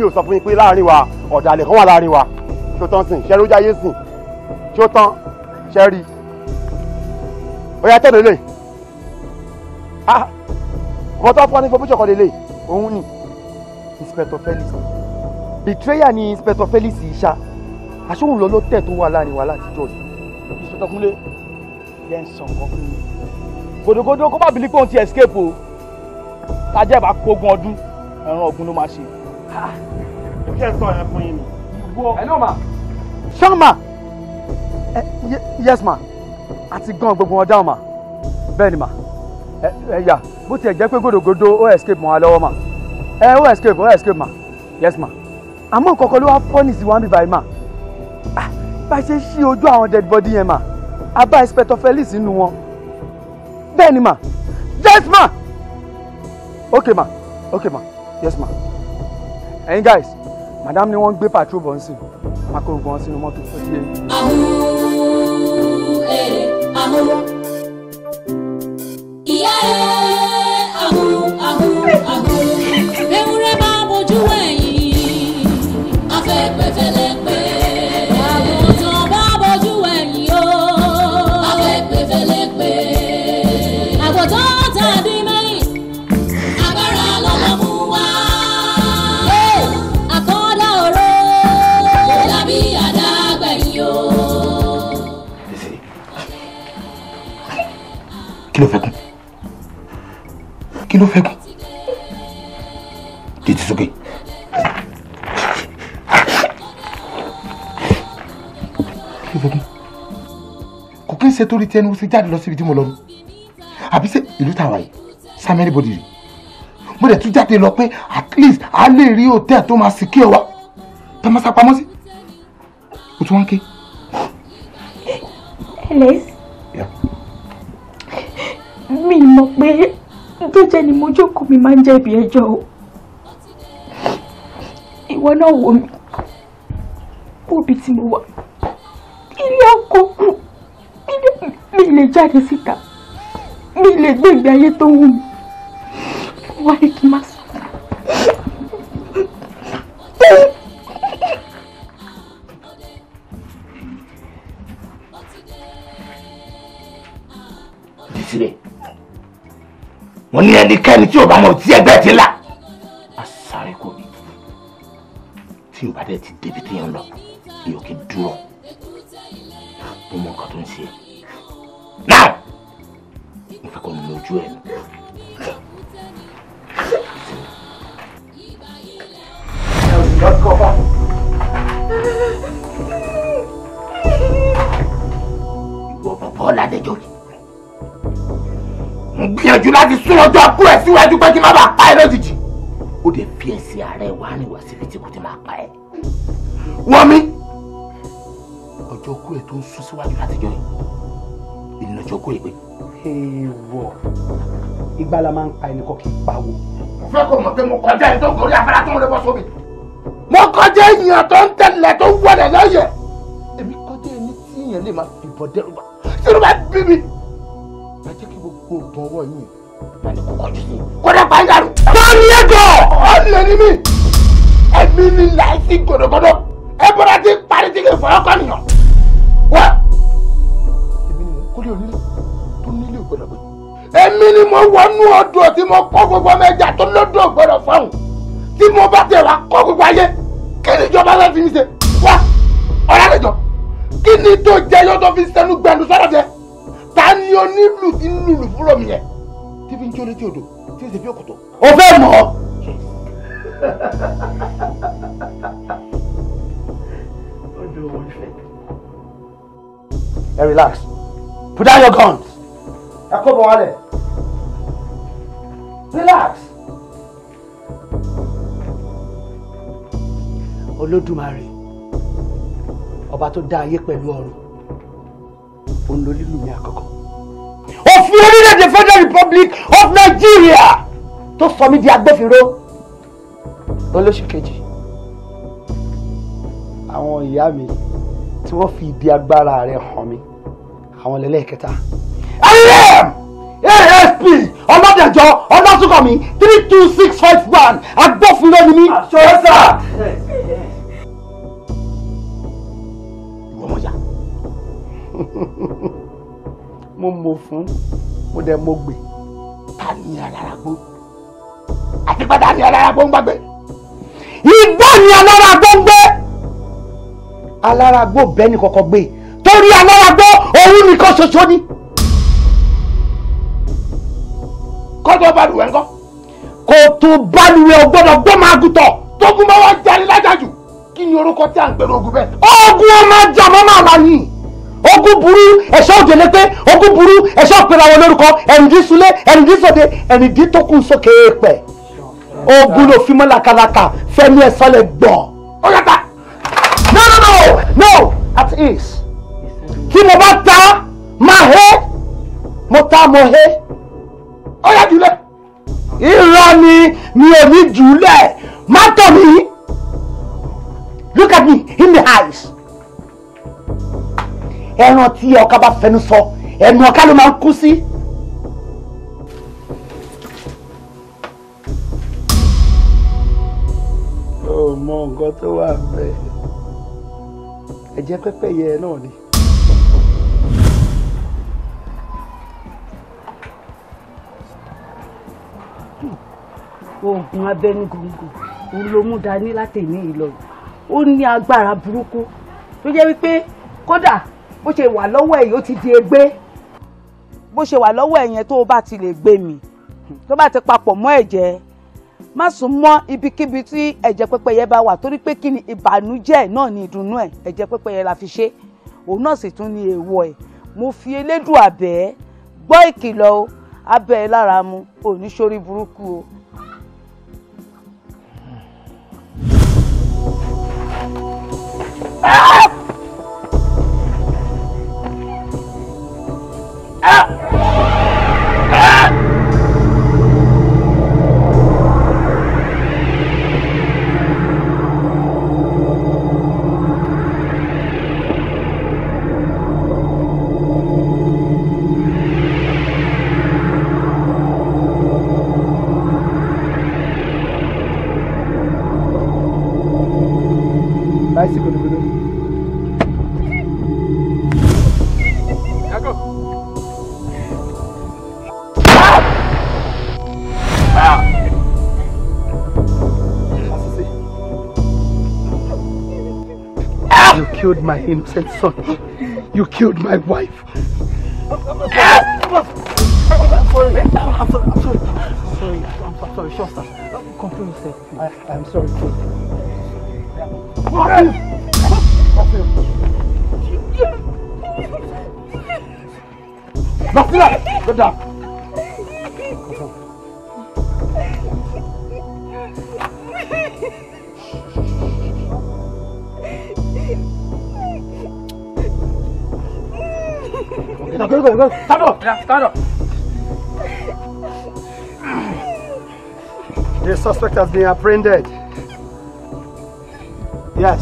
èmi ò sọ fún yín pé láàrin wa ọ̀dàlẹ̀ kan wà láàrin wa ṣó tán sìn ṣẹ́rí ó jáyé sìn ṣó tán ṣẹ́rí ó yá tẹ̀lé lè ah ọmọ tó fún wa ní lè lè òun ni inspector Felix betrayer ni inspector Felix isa aṣóhun lọ ló tẹ̀ tó wà láàrin wa láti jọ yìí. inspector Kúnlé yẹn sàn kan fún mi gòdògòdò kó má bìlí pé òun ti escape o tájẹ́ bá kógun ọdún ẹ̀ràn ọ̀gbun ló máa ṣe mo ṣe ń sọ yẹn fún yín ni. hello ma. ṣan ma eh, yes ma àti gan gbogbo wọn dáhùn ma bẹ́ẹ̀ ni ma ẹ eh, eh, yà bó tiẹ̀ jẹ́ pé Godo. ó escape mọ́ wa lọ́wọ́ ma ẹ ó escape ó escape ma yes ma àmọ́ nǹkan kan ló wá fọ́nì sí wọn bíbá yìí ma ah, bá a ṣe ṣí ojú àwọn dead body yẹn ma a inspector Felix nínú wọn bẹ́ẹ̀ ma yes ma Okay, ma Okay, ma yes ma ẹ̀yin guys madam ni wọ́n ń gbé patrol bọ̀ ń sìn máa kó gbọ́n sínú mọ́tò ó ti yé. àhùn ẹ̀ àhùn ìyá ẹ̀ àhùn àhùn àhùn ewúrẹ́ máa bójú ẹ̀yìn. kí ló fẹ́ kún kí ló fẹ́ kún tètè sókè. kò kí n ṣe torí tẹnu ṣe jáde lọ síbi tí mo lọ àbí ṣe ìlú tàwa yìí sam anybody rí mo dẹ̀ tún jáde lọ pé at least a lè rí hòtẹ́ẹ̀ tó máa sìkí ẹ̀ wá tá a máa sá pamọ́ sí o tún wá ń ké. Alice. Yeah mi mọ̀ pé tó jẹ́ ni mo jókòó mi máa ń jẹ̀bi ẹjọ́ o ìwọ náà wò mí bóbi tí mo wà ilé àkókò mi lè jáde síta mi lè gbé ìgbé ayé tó wù mí wá ní kí n má sọ. Desiree mo ní ẹnikẹ́ni tí ò bá mọ̀ tí ẹgbẹ́ ti là á sáré kò ní tí ò bá dẹ̀ ti débi tí yẹn lọ yóò kí dúró mo mọ nǹkan tó ń ṣe náà mo fẹ́ kọ́ nínú ojú ẹ̀ nù. Ìwọ bọ̀bọ̀ ládẹjọ́ yìí ń gbìyànjú láti sún ọjọ́ àbú ẹ̀ síwájú pé kí má bàa pa ẹ́ lójijì ó dẹ̀ fi ẹ̀sìn ààrẹ wá níwá síbi tí kò ti máa pa ẹ́. wọ́n mi ọjọ́ kú ẹ̀ tó ń sún síwájú látijọ́ yìí ìlànà ọjọ́ kú ẹ̀ pé. èèwọ̀ ìgbà la máa ń pa ẹnì kan kì í pawó. mo fẹ́ kó mọ̀ pé mo kọjá ẹ̀ tó gorí afárá tó ń rẹ́bọ̀ sómi. mo kọjá èèyàn tó ń tẹ̀lẹ̀ tó ń wọlé lọ́yẹ̀. èmi kọjá ẹni tí èèyàn lè máa fi kó bọ́wọ́ yín. kódà pa ń dàrú. sọ́ọ́ni ẹ̀ dọ̀ ọ́ lè ní mi ẹ̀mí ni láìsí gòdògòdò ẹ bọ́dá ti parí tí kò fọwọ́ kọ́ nìyàn. wá èmi ni kó lè onílé tó nílé ògbọ́dọ̀ pé. èmi ni mo wọnú ọdún tí mo kọ́ gbogbo mẹ́jà tó lọ́dún ògbọ́dọ̀ fáwọn tí mo bá tẹ̀ wá kọ́ gbogbo ayé kí ni ìjọba láti fi ṣe wá ọ̀rẹ́ rẹ̀ jọ kí ni tó jẹ́ tó fi sẹ́nu gbẹ̀ndùsọ́rọ̀ jẹ́ ta ni onílù tí ń lùlù fúnra mi yẹn tí fi ń jó létí odò tí ń ṣe bí òkòtò. o fẹ́ mọ̀ ọ́. ẹ relax put down your guns. ẹ kó bọ̀ wálẹ̀ relax. olódùmarè ọba tó dá ayé pẹ̀lú ọ̀run òǹlò lílù mi àkọ́kọ́. òfin orílẹ̀-èdè Federal Republic of Nigeria tó sọ mí di agbófinró olóṣù kejì àwọn ìyá mi tí wọ́n fi ìdí agbára rẹ̀ hàn mí àwọn lẹ́lẹ́kẹta. ayé ASP ọlọ́dẹ̀jọ ọlọ́sùnkànmí three two six five one agbófinró ni mí. àṣọ ẹ̀ sà. mo mọ̀ fún mo dẹ̀ mo gbè ta ni aláragbó àti pé ni aláragbó ń gbàgbé igbó ni aláragbó ń gbé aláragbó bẹ́ẹ̀ ni kọ̀kọ́ gbé torí aláragbó òun nìkan ṣoṣo ni. kọ́jọ́ balùwẹ̀ ńkọ́ kò tún balùwẹ̀ ò gbọ́dọ̀ gbọ́mọ agùntàn tó gún bá wá jáde lájàjù kí ni orúkọ tí à ń gbẹ̀rù ogun bẹ́ẹ̀. oògùn ọmọ jàmọ́ máa wà yìí ogún burú ẹ̀ṣọ́ òdèlé pé ogún burú ẹ̀ṣọ́ òpèrè àwọn olórúkọ ẹ̀rìndí sulé ẹ̀rìndí sòde ẹ̀rìndí tó kù sókè èèpẹ̀ ogun ló fi mọ́ làkàlàkà fẹ́mi ẹ̀sán lè gbọ̀ ó no no no no at ease. tí mo bá ta máa hé mo ta mo hé ó yà jùlẹ̀ irọ́ ni mi ò ní jùlẹ̀ má tọ̀ mí look at me in the eyes ẹran tí ọkà bá fẹnu sọ ẹnu ọkà ló máa ń kú sí. ó mọ nǹkan tó wà bẹ́ẹ̀ ẹ̀jẹ̀ pẹ́pẹ́yẹ náà ni. oògùn abẹ́nú gbòǹgbò òun ló mú dání látẹ̀yìn ìlọ ó ní agbára burúkú tó jẹ́ wípé kódà bó ṣe wà lọ́wọ́ ẹ̀yìn ó ti di egbé bó ṣe wà lọ́wọ́ ẹ̀yìn tó o bá ti lè gbé mi tó bá ti papọ̀ mọ́ ẹ̀jẹ̀ má sùn mọ́ ibikíbi tí ẹ̀jẹ̀ pẹ́pẹ́yẹ bá wà torí pé kí ni ìbànújẹ́ náà ni ìdùnnú ẹ̀ ẹ̀jẹ̀ pẹ́pẹ́yẹ la fi ṣe òun náà sì tún ni èèwọ̀ ẹ̀ mo fi elédùn àbẹ̀ gbọ́ ìkìlọ̀ o abẹ́ ẹ lára mu ò ní sórí burúkú o. Ah! killed my innocent son. You killed my wife. Yes! I'm sorry. I'm sorry. I'm sorry. I'm sorry. I'm sorry. Shasta, control yourself. I, I'm sorry. go, go. The suspect has been apprehended. Yes.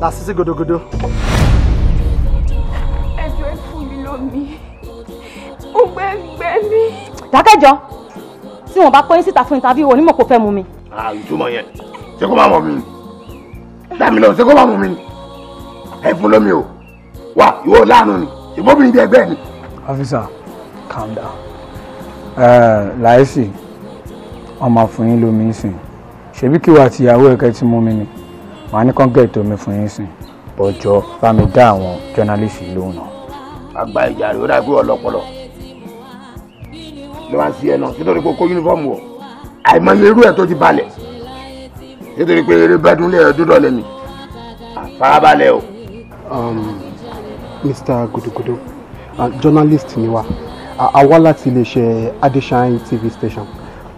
That's Sisi Godogodo. Ẹjọ́ ẹ fún mi lómi. Ó gbẹ́ gbẹ́ mi. Dákẹ́jọ́, tí wọ́n bá pẹ́ síta fún interview onímọ̀ kò fẹ́ mú mi. Àìjùmọ̀ ah, yẹn, ṣé kó má mọ̀ mí ni? Dàmí lọ, ṣé kó má mọ̀ mí ni? Ẹ fún lómi o. Wà, ìwọ láàánú ni. Ìbóbìnrin bí ẹgbẹ́ ni officer calm down láìsí ọmọ fún yín lómi sìn ṣebí kí wà á ti ìyàwó ẹ̀kẹ́ tí mú mi ni màá ní kán gẹ̀ẹ́tì omi fún yín sìn bọ́jọ́ bá mi dá àwọn jọ́nálìsì lóhùn náà. àgbà ìjà rẹ̀ ó dàgbé ọlọ́pọlọ ló máa ń sí ẹ náà nítorí pé kó yúnífọ́ọ̀mù wọ̀ àìmọye irú ẹ̀ tó ti balẹ̀ nítorí pé eré bẹ́dún lé ẹ̀dún dọ̀lẹ́ mi àfarabalẹ̀ o. Mr. Um, Gudugudu journalist ni wa a wá láti iléeṣẹ́ Adeshine TV station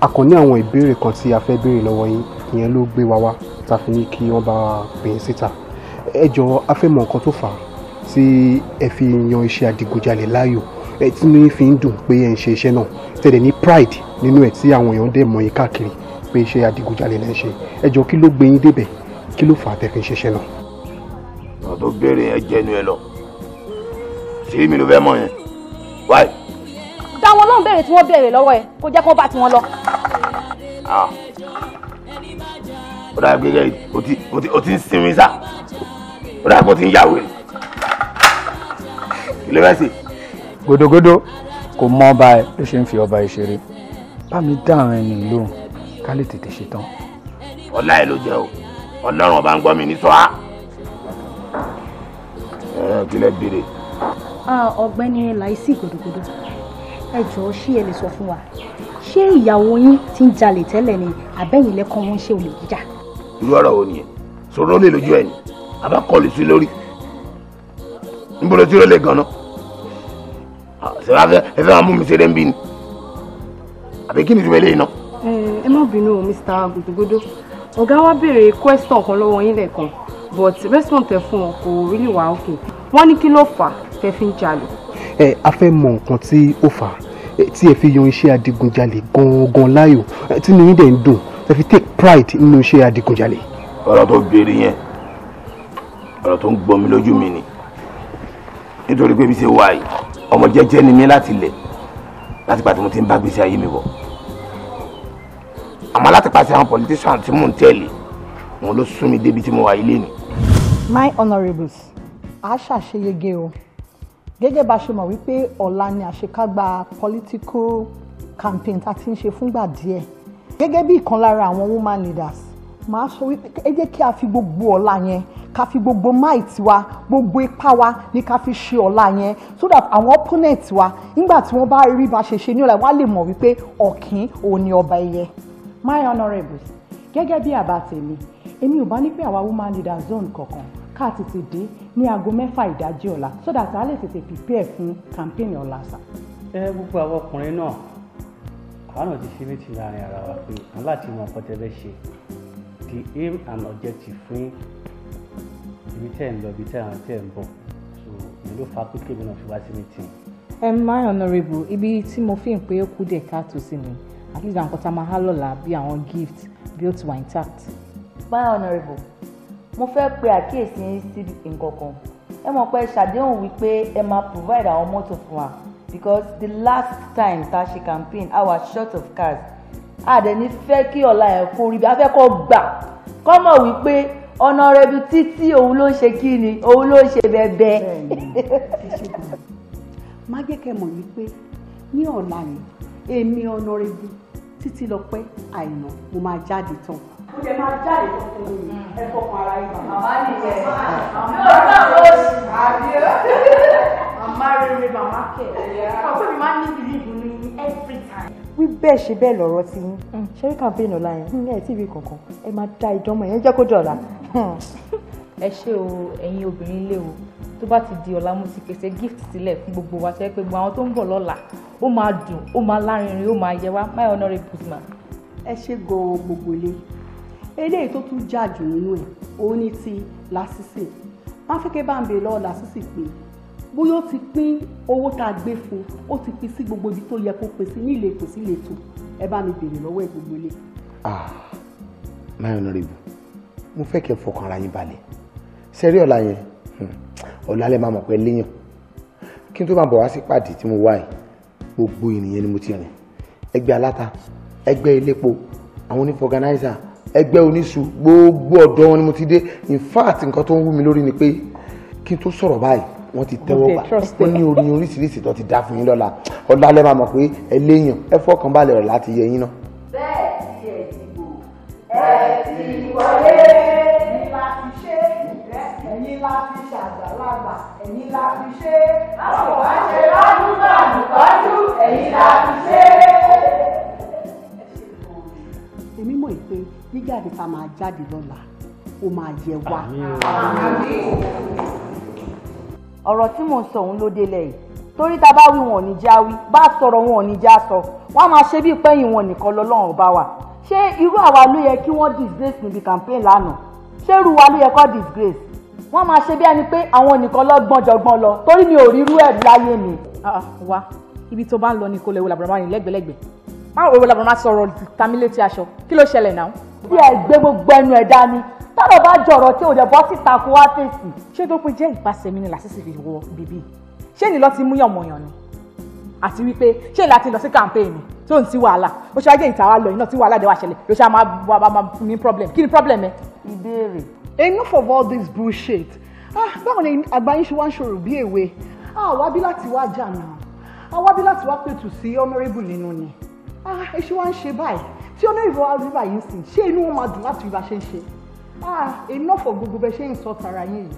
a kàn ní àwọn ìbéèrè kan tí a fẹ́ béèrè lọ́wọ́ yín ìyẹn ló gbé wa wá tá a fi ní kí wọ́n bá pè é síta ẹ jọ̀ọ́ a fẹ́ mọ nǹkan tó fà á tí ẹ fi yan iṣẹ́ adigunjalè láàyò ẹ tí ní fi ń dùn pé ẹ ń ṣe iṣẹ́ náà tẹ̀lé ní pride nínú ẹ̀ tí àwọn èèyàn dẹ̀ mọ̀ yín káàkiri pé iṣẹ́ adigunjalè lẹ́ ń ṣe ẹ jọ̀ọ́ kí ló gbé yín débẹ̀ kí ló fà á tẹ̀ fi ń ṣiṣẹ́ náà. ọ̀dọ́ bẹ̀rẹ̀ ẹ jẹ́nu ẹ lọ sí mi ló fẹ́ mọ̀ yẹn wáyé. dá wọn lóhùn béèrè tí wọ́n béèrè lọ́wọ́ ẹ kó jẹ́ kó bá tiwọn lọ. Ah. ó dàbí gẹ́gẹ́ o ti ń sinmi sá ó dàbí kó ti ń yàwó rẹ̀ ilé fẹ́ sè. gòdògòdò kò mọ ọba ẹ ló ṣe ń fi ọba ẹ ṣeré bá mi dá àwọn ẹni lóhùn ká lè tètè ṣe tán. ọlá ẹ ló jẹ o ọlọ́run ọba ń gbọ́ mi ní sọ́á. ẹ kí lẹ bèrè. Ah, ọ̀gbẹ́ni Láìsí Gòdògòdò ẹ jọ̀ọ́ ṣé ẹ lè sọ fún wa ṣé ìyàwó yín ti ń jalè tẹ́lẹ̀ ni àbẹ́yìn lẹ́kọ́ wọn ṣe olè jíjà. irú ọ̀rọ̀ wo nìyẹn sọ̀rọ̀ lè lójú ẹ̀ ni àbá kọlù sí lórí níbo ló ti rọ́ lè gan-an ah, ṣe wá fẹ́ ẹ fẹ́ máa mú mi ṣeré ń bí ni àbí kí ni ìdúró eléyìí náà. ẹ má bínú Mr. Gòdògòdò ọ̀gá wa béèrè question kan lọ́wọ́ yín lẹ́ẹ̀kan but response ẹ̀ fún ọ kò really wà okay wọ́n ní kí ló fà á tẹ́ fi ń jalè. ẹ a fẹ́ mọ nǹkan tí ó fà á tí ẹ fi yan iṣẹ́ adigunjalè gangan láàyò tí inú yín dẹ̀ ń dùn ẹ fi take pride nínú iṣẹ́ adigunjalè. ọ̀rọ̀ tó béèrè yẹn ọ̀rọ̀ tó ń gbọ́ mi lójú mi ni nítorí pé mi ṣe wà yìí ọmọ jẹ́jẹ́ ni mi láti lẹ̀ láti pàtó mo ti ń bá gbèsè ayé mi bọ̀ àmọ́ láti pàṣẹ àwọn politician tí mò ń tẹ̀lé wọn ló sún mi débi tí mo wà yìí lénìí. my honourables a ṣàṣeyege o gẹ́gẹ́ bá a ṣe mọ̀ wípé ọ̀la ni àṣekágbá political campaign tá a ti ń ṣe fúngbà díẹ̀ gẹ́gẹ́ bí ìkan lára àwọn woman leaders màá sọ wípé ẹ jẹ́ kí a fi gbogbo ọ̀la yẹn ká fi gbogbo might wa gbogbo ipá wa ní ká fi ṣe ọ̀la yẹn so that àwọn opponent wa nígbà tí wọ́n bá rí bá ṣe ṣe ní ọ̀la wọ́n lè mọ̀ wípé ọ̀kín òun ni ọba ẹyẹ. my honourables gẹ́gẹ́ bí àbá tèmi èmi ò bá ní pé àwa woman leaders zone kankan ká tètè dé ní aago mẹ́fà ìdájí ọ̀la so that a lè tètè prepare fún campaign ọ̀la sà. ẹ gbogbo àwọn ọkùnrin náà àwa náà ti ṣe méjì láàrin ara wa pé nǹkan láti mọ ọkọ tẹ́lẹ̀ ṣe the aim and objective fún ibi tẹ́ ẹ̀ ń lọ ibi tẹ́ ẹ̀ ń bọ̀ so èyí ló fa pé kébì náà fi wá sí meeting ẹ my honourable ibi tí mo fi ń pé ó kú dẹ̀ káàtó sí mi at least a máa há lọ́la àwọn gift bí ó ti wà intact. my honourable mo fẹ́ pe àkíyèsí yín sí nǹkan kan ẹ mọ̀ pé ṣàdéhùn wípé ẹ máa provide àwọn mọ́tò fún wa because the last time tá a ṣe campaign a short of cars a dẹ̀ ní fẹ́ kí ọ̀la ẹ̀ kó rí bí a fẹ́ kó gbà kó mọ̀ wípé ọ̀nàrẹ́bù títí òun ló ń ṣe kí ni òun ló ń ṣe bẹ́ẹ̀bẹ́. má jẹ́ kẹ́ mọ̀ ní ọ̀la yìí èmi ọ̀nàrẹ́bù títí lọ pẹ́ àìná mo máa jáde tán ó jẹ máa jáde fún mi hmm. ẹ fọkàn ara yín bàbá nìyẹn àmì ọ̀rọ̀ náà ló sì àbí ó màmá rere màmá kẹ̀ ọ̀pọ̀ mi máa ń ní bìlíìbù ní every time. wí bẹ́ẹ̀ ṣe bẹ́ẹ̀ lọ́rọ̀ ti yín hmm. ṣẹ́rí campaign ọ̀la yẹn ní ẹ̀ tí ìwé kankan ẹ máa da ìdánmọ̀ yẹn jẹ́ kó dọ̀la. Hmm. ẹ ṣé o ẹ̀yin obìnrin lé o tó bá ti di ọ̀la mo ti pèsè gift sílẹ̀ fún gbogbo wa ṣe pé gbogbo àwọn tó ń bọ̀ lọ́la ó máa dùn ó máa lárinrin ó máa yẹ wá my honourable man. ẹ ṣé gan-an gbogbo ilé eléyìí tó tún jà jù nínú ẹ̀ òun ni ti Lásìsì wọ́n fẹ́ kí bá ń bèèrè lọ́wọ́ Lásìsì pé bóyá ó ti pín owó tá a gbé fún ó ti pín sí gbogbo ibi tó yẹ kó pín sí ní ìletò sí ìletò ẹ bá mi bèèrè lọ́wọ́ ẹ gbogbo ilé. ah my honourable mo fẹ́ kẹ́ fọkàn ara yín balẹ̀ sẹ́rí ọ̀la yẹn hmm, ọ̀la lẹ́ máa mọ̀ pé léèyàn kí n tó máa bọ̀ wá sí pàdé tí mo wá yìí gbogbo ènìyàn ni mo ti rìn ẹgbẹ́ aláta ẹgbẹ́ elépo àwọn onífọ̀gánáìsà ẹgbẹ́ oníṣu gbogbo ọ̀dọ́ wọn ni mo ti dé in fact nǹkan tó ń wú mi lórí ni pé kí n tó sọ̀rọ̀ báyìí wọ́n ti tẹ́wọ́ gbà wọ́n ní orin oríṣiríṣi tó ti dá fún yín lọ́la ọ̀la lẹ́ máa mọ̀ pé ẹ léèyàn ẹ fọkàn balẹ̀ ọ̀la ti yẹ yín náà. bẹ́ẹ̀ ti ẹ̀ dìbò ẹ̀ ti wọlé ní láti ṣe ẹ̀yìn láti ṣàgbàlagbà ẹ̀yìn láti ṣe báwo wá ṣe lọ́dún náà nìkọ́jú ẹ̀yìn láti ṣe. jíjáde tá a máa jáde lọ́la ó máa yẹ wá. ọ̀rọ̀ tí mò ń sọ òun ló délẹ̀ yìí torí tá a bá wí wọn ò ní já wí bá a sọ̀rọ̀ wọn ò ní já sọ wọ́n á máa ṣe bí pẹ́yìn wọn nìkan lọ́lọ́run bá wà ṣé irú àwa ló yẹ kí wọ́n disgrace níbi campaign lánàá ṣé irú wa ló yẹ kó disgrace wọ́n máa ṣe bí ẹni pé àwọn nìkan lọ́gbọ́n jọgbọ́n lọ torí mi ò rí irú ẹ̀ láyé mi. Ah, ah, wa ibi tó bá ń lọ ni kò lè wo làbàbà rìn lẹ́gbẹ̀lẹ́gbẹ̀ má wo làbàbà sọ̀rọ̀ tàmílétí aṣọ kí ló ṣẹlẹ̀ náà tí ẹ gbé gbogbo ẹnu ẹ dání tọ́lọ̀ bá jọ̀rọ̀ tí ò dẹ̀ bọ́ síta kó wá fèsì. ṣé tó pé jẹ́ ìpàṣẹ mi ni làṣìṣe fi wọ bíbí ṣé ni lọ́ọ́ ti mú yànmọ̀yàn ni àti wípé ṣé láti lọ sí kàmpéènì tó ń ti wàhálà ó ṣe ajé ìta wa lọ iná tí wàhálà dé wá ṣẹlẹ̀ ló ṣe máa wà máa ní problem kí ni problem ẹ. ìbéèrè. enough of all this bullshit ah báwo ni àgbáyé ṣe wá ń ṣòro bí èwe ah wá bí láti wá jà náà ah wá bí láti wá pètù sí honourable nínú ni ah èṣù wá ń ṣe báyìí tí ó ní ìrora rírà yìí sìn ṣé inú wọn máa dùn láti rí ṣe ń ṣe ah enough of gbogbo bẹ ṣe ń sọ tara yín yìí.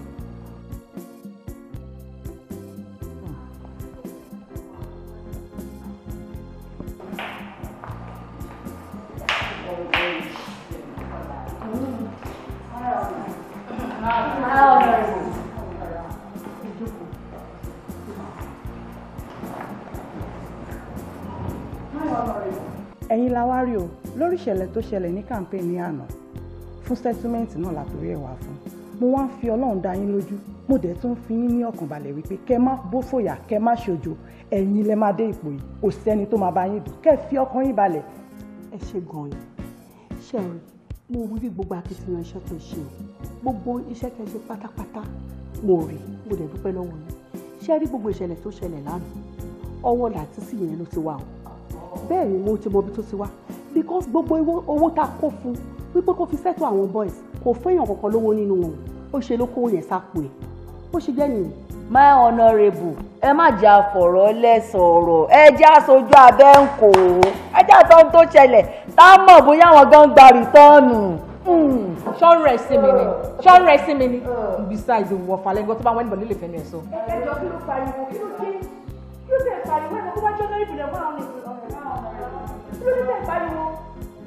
ẹ̀yin la wá rí o lórí ìṣẹ̀lẹ̀ tó ṣẹlẹ̀ ní campaign ní àná fún settlement náà látòrí ẹ̀ wá fún mo wá ń fi ọlọ́run dá yín lójú mo dẹ̀ tún fi yín ní ọkàn balẹ̀ wípé kẹ́ má bófòyà kẹ́ má ṣojo ẹ̀yin lẹ máa dé ipò yìí kò sẹ́ni tó máa bá yín dùn kẹ́ fi ọkàn yín balẹ̀. ẹ ṣe gan-an ṣẹ́rí mo rí gbogbo akitiyan iṣẹ́ tó ṣe gbogbo iṣẹ́ tẹ́ ṣe pátápátá mo rí mo dẹ̀ dúpẹ́ lọ́wọ́ yín ṣẹ́rí gbogbo ìṣẹ̀lẹ̀ tó ṣẹlẹ̀ lánàá ọwọ́ làtí sí yẹn ló ti wà o bẹ́ẹ̀ ni mo ti mọ ibi tó ti wá because gbogbo owó tá a kó fún wípé kó fi sẹ́tọ̀ àwọn boys kò fẹ́yàn kankan lówó nínú wọn ó ṣe ló kówó yẹn sápò ẹ̀ ó ṣe jẹ́ nìyẹn. my honourable ẹ má jẹ́ àfọ̀rọ̀ lẹ́sọ̀ọ̀rọ̀ ẹ jẹ́ aṣojú abẹ́ ń kó o ẹ jẹ́ àtọ́ ohun tó ṣẹlẹ̀ tá a mọ̀ bóyá àwọn gan gba rìtọ́ọ̀nù. Hmm. ṣọ́ọ̀rù ẹ̀ sí mi ni ṣọ́ọ̀rù ẹ̀ sí mi ni besides òwò ọ̀fàlẹ́ gbọ́ tó bá wọ́n níbọ̀ nílé fẹ́mi ẹ̀ sọ. ẹ jọ kí ló pariwo kí ló dé kí ló dé pariwo ẹ̀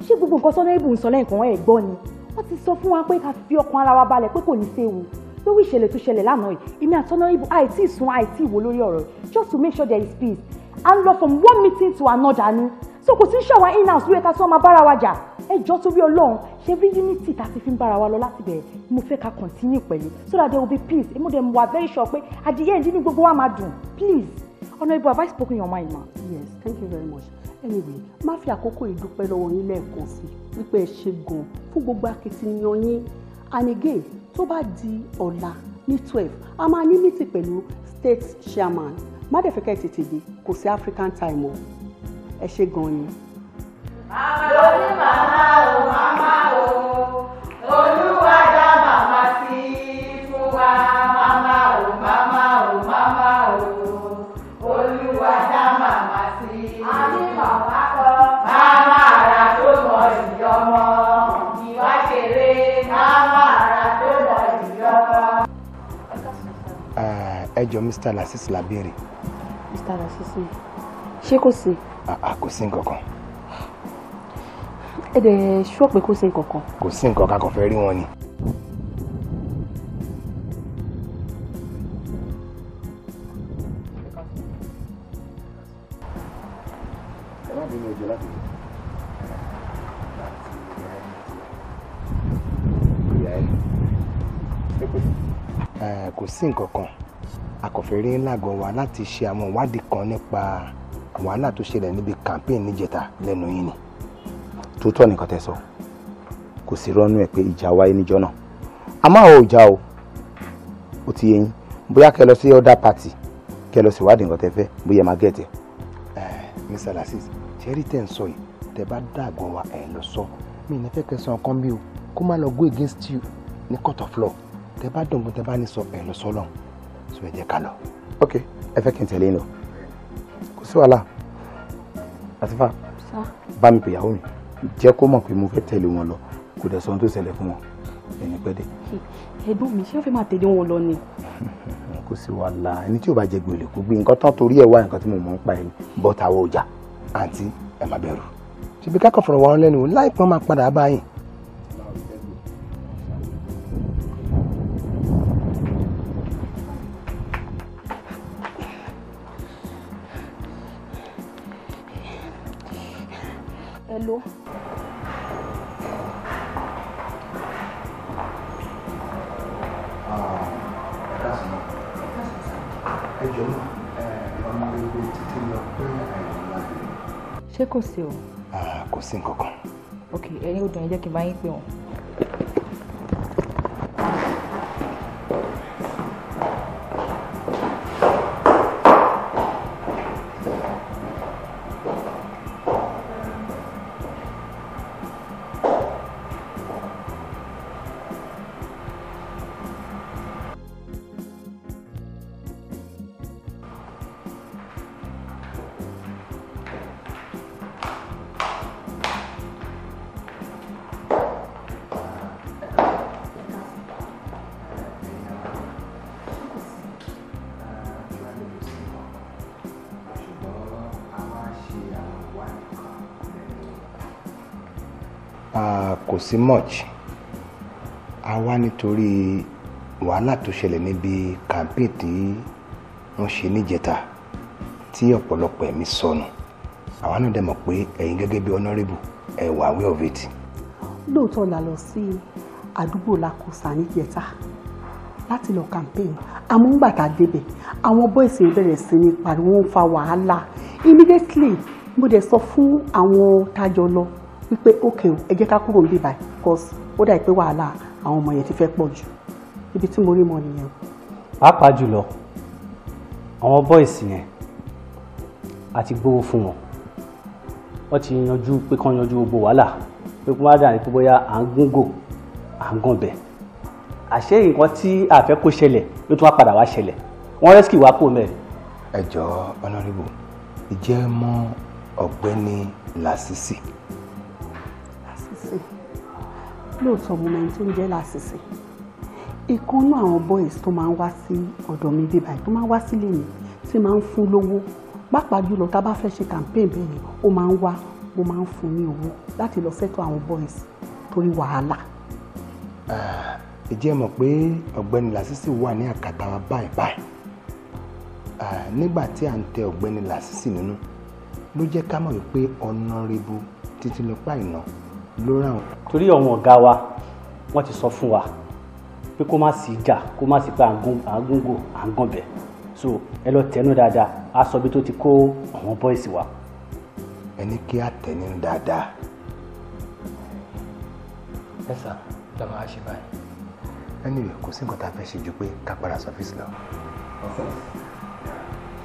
ṣé gbogbo nǹkan sọ́nà ìbùn sọ lẹ́yìn ẹ̀ gbọ́ ni wọ́n ti sọ fún wa pé ká fi ọkàn ara wa balẹ̀ pé kò ní séwu lórí ìṣẹ̀lẹ̀ tó ṣẹlẹ̀ lánàá yìí èmi àtọ́nà ìbùn àìtí ìsun àìtí ìwò lórí ọ̀rọ̀ just to make sure there is peace and lọ from one meeting to another ni so kò sí ṣọ̀wá in house lóye ká tí wọ́n máa bára wa jà ẹjọ́ torí ọlọ́run ṣe rí unity tá ti fi ń bára wa lọ láti bẹ̀rẹ̀ mo fẹ́ ká continue pẹ̀lú so that there will be peace èmi dẹ̀ mo very sure pé at the end gbogbo wa máa dùn please ọ̀nà ìbò advice spoken your mind ma. yes thank you very much anyway má fi àkókò ìdúpẹ́ lọ́wọ́ yín lẹ́ẹ̀kan sí wípé ẹ ṣe gan fún gbogbo akitiyan yín and again tó bá di ọ̀la ní twelve a máa ní mítì pẹ̀lú state chairman má dẹ̀ fẹ́ kẹ́ tètè dé kò sí african time o ẹ ṣe gan ni. àbá ní màmá o màmá o olúwa dá màmá sí fún wa màmá o màmá o màmá o. ẹjọ mr lasis la béèrè. mr lasis ṣé kò sí. àà ah, ah, kò sí nǹkankan. ẹ dẹ̀ ṣọ́ pé kò sí nǹkankan. kò sí nǹkankan kò fẹ́ rí wọn ni. fẹ́ rí lágọ̀ wa láti ṣe àwọn ìwádìí kan nípa wàhálà tó ṣẹlẹ̀ níbi campaign níjẹta lẹ́nu yìí ni tótọ́ nìkan tẹ́ sọ kò sí rọ́nú ẹ̀ pé ìjà wáyé níjọ́ náà a máa ò já o ó ti yẹ yín bóyá kẹ lọ sí other party kẹ lọ ṣèwádìí nǹkan tẹ́ fẹ́ bóyá máa gẹ̀ẹ́tẹ̀. Eh, ẹ mr lassis ṣẹ́rí tẹ̀ ń sọ yìí tẹ́ bá dàgọ̀ wa ẹ̀ lọ sọ mi ní fẹ́kẹ́ sọ nǹkan bí o kó má lọ go against you ní court of law tẹ́ bá dọ̀gbọ́n tẹ́ bá ní sọ ẹ̀ lọ sọ lọ́hùn so ẹ jẹ́ ká lọ ok ẹ fẹ́ kí n tẹ̀lé yín lọ kò sí wàhálà àtifá bá mi pèyàwó mi jẹ́ kó mọ̀ pé mo fẹ́ tẹ̀lé wọn lọ kò dẹ̀ sọ ohun tó ṣẹlẹ̀ fún wọn ẹni pẹ́ dé. ẹ̀gbọ́n mi ṣé ó fẹ́ máa tẹ̀lé wọn lọ ni. kò sí wàhálà ẹni tí ò bá jẹ gbèlè kó gbé nǹkan tán torí ẹ̀ wá nǹkan tí mo mọ̀ ń pa ẹni bọ́ta wọ ọjà àǹtí ẹ má bẹ̀rù. ṣèbí kákọ̀ fọ̀rọ̀ wà lẹ́nu láìpẹ́ máa padà báyìí कि वहीं पे हूँ kò sí much a wá nítorí wàhálà tó ṣẹlẹ̀ níbi campaign tí wọ́n ṣe níjẹta tí ọ̀pọ̀lọpọ̀ ẹ̀mí sọnù àwa náà dẹ̀ mọ̀ pé ẹ̀yin gẹ́gẹ́ bí honourable ẹ̀ wà aware of it. lóòótọ́ la lọ sí àdúgbò làkòsà níjẹta láti lọ campaign àmọ́ ń gbàtà débẹ̀ àwọn boys bẹ̀rẹ̀ sí ní pariwo ń fa wàhálà immediately mo dẹ̀ sọ fún àwọn tájọ lọ wípé ok ẹ jẹ́ ká kúrò níbí báyìí because ó dà pé wàhálà àwọn ọmọ yẹn ti fẹ́ pọ̀ jù ibi tí mo rí mọ nìyẹn. pàápàá jùlọ àwọn bọ́ìsì yẹn a ti gbowó fún wọn wọ́n ti yanjú pé kán yanjú gbogbo wàhálà pé kí wọ́n á dà ní pé bóyá à ń gúngò à ń gànbẹ̀ àṣé nǹkan tí a fẹ́ kó ṣẹlẹ̀ ló tún wá padà wá ṣẹlẹ̀ wọ́n rẹ́sìkì wá kó mẹ́rin. ẹ jọ̀ọ́ ọlọ́rìbù ìjẹ́ mọ́ ọ̀gbẹ́ni làṣìṣì lóòótọ́ mo mẹ́ni tó ń jẹ́ lásìsì ìkan náà àwọn boys tó máa ń wá sí ọ̀dọ̀ mi bíbá tó máa ń wá sílé mi tí máa ń fún lówó pàápàá jùlọ tá a bá fẹ́ ṣe campaign bẹ́ẹ̀ ni ó máa ń wá mo máa ń fún ní owó láti lọ fẹ́tọ̀ àwọn boys torí wàhálà. Ah, ìjẹ́ mọ̀ pé ọ̀gbẹ́ni làṣìṣì wà ní àkàtà wa báyìí báyìí ah, nígbà tí à ń tẹ ọ̀gbẹ́ni làṣìṣì nínú ló jẹ́ ká mọ̀ wípé ọ̀nà rebu títí lọ́pàá ìnáwó ló ràn wọ́n. torí àwọn ọ̀gá wa wọ́n ti sọ fún wa pé kó má sí ìjà kó má sí pé à ń gúngò à ń gànbẹ̀ so ẹ lọ tẹnu dáadáa á sọ bí tó ti kó àwọn bọ́ìsì wa. ẹ ní kí á tẹnu dáadáa. ẹ sà lọ máa ṣe báyìí. anyway kò sí nǹkan tá a fẹ́ ṣe ju pé ká padà sọ́fíìsì lọ.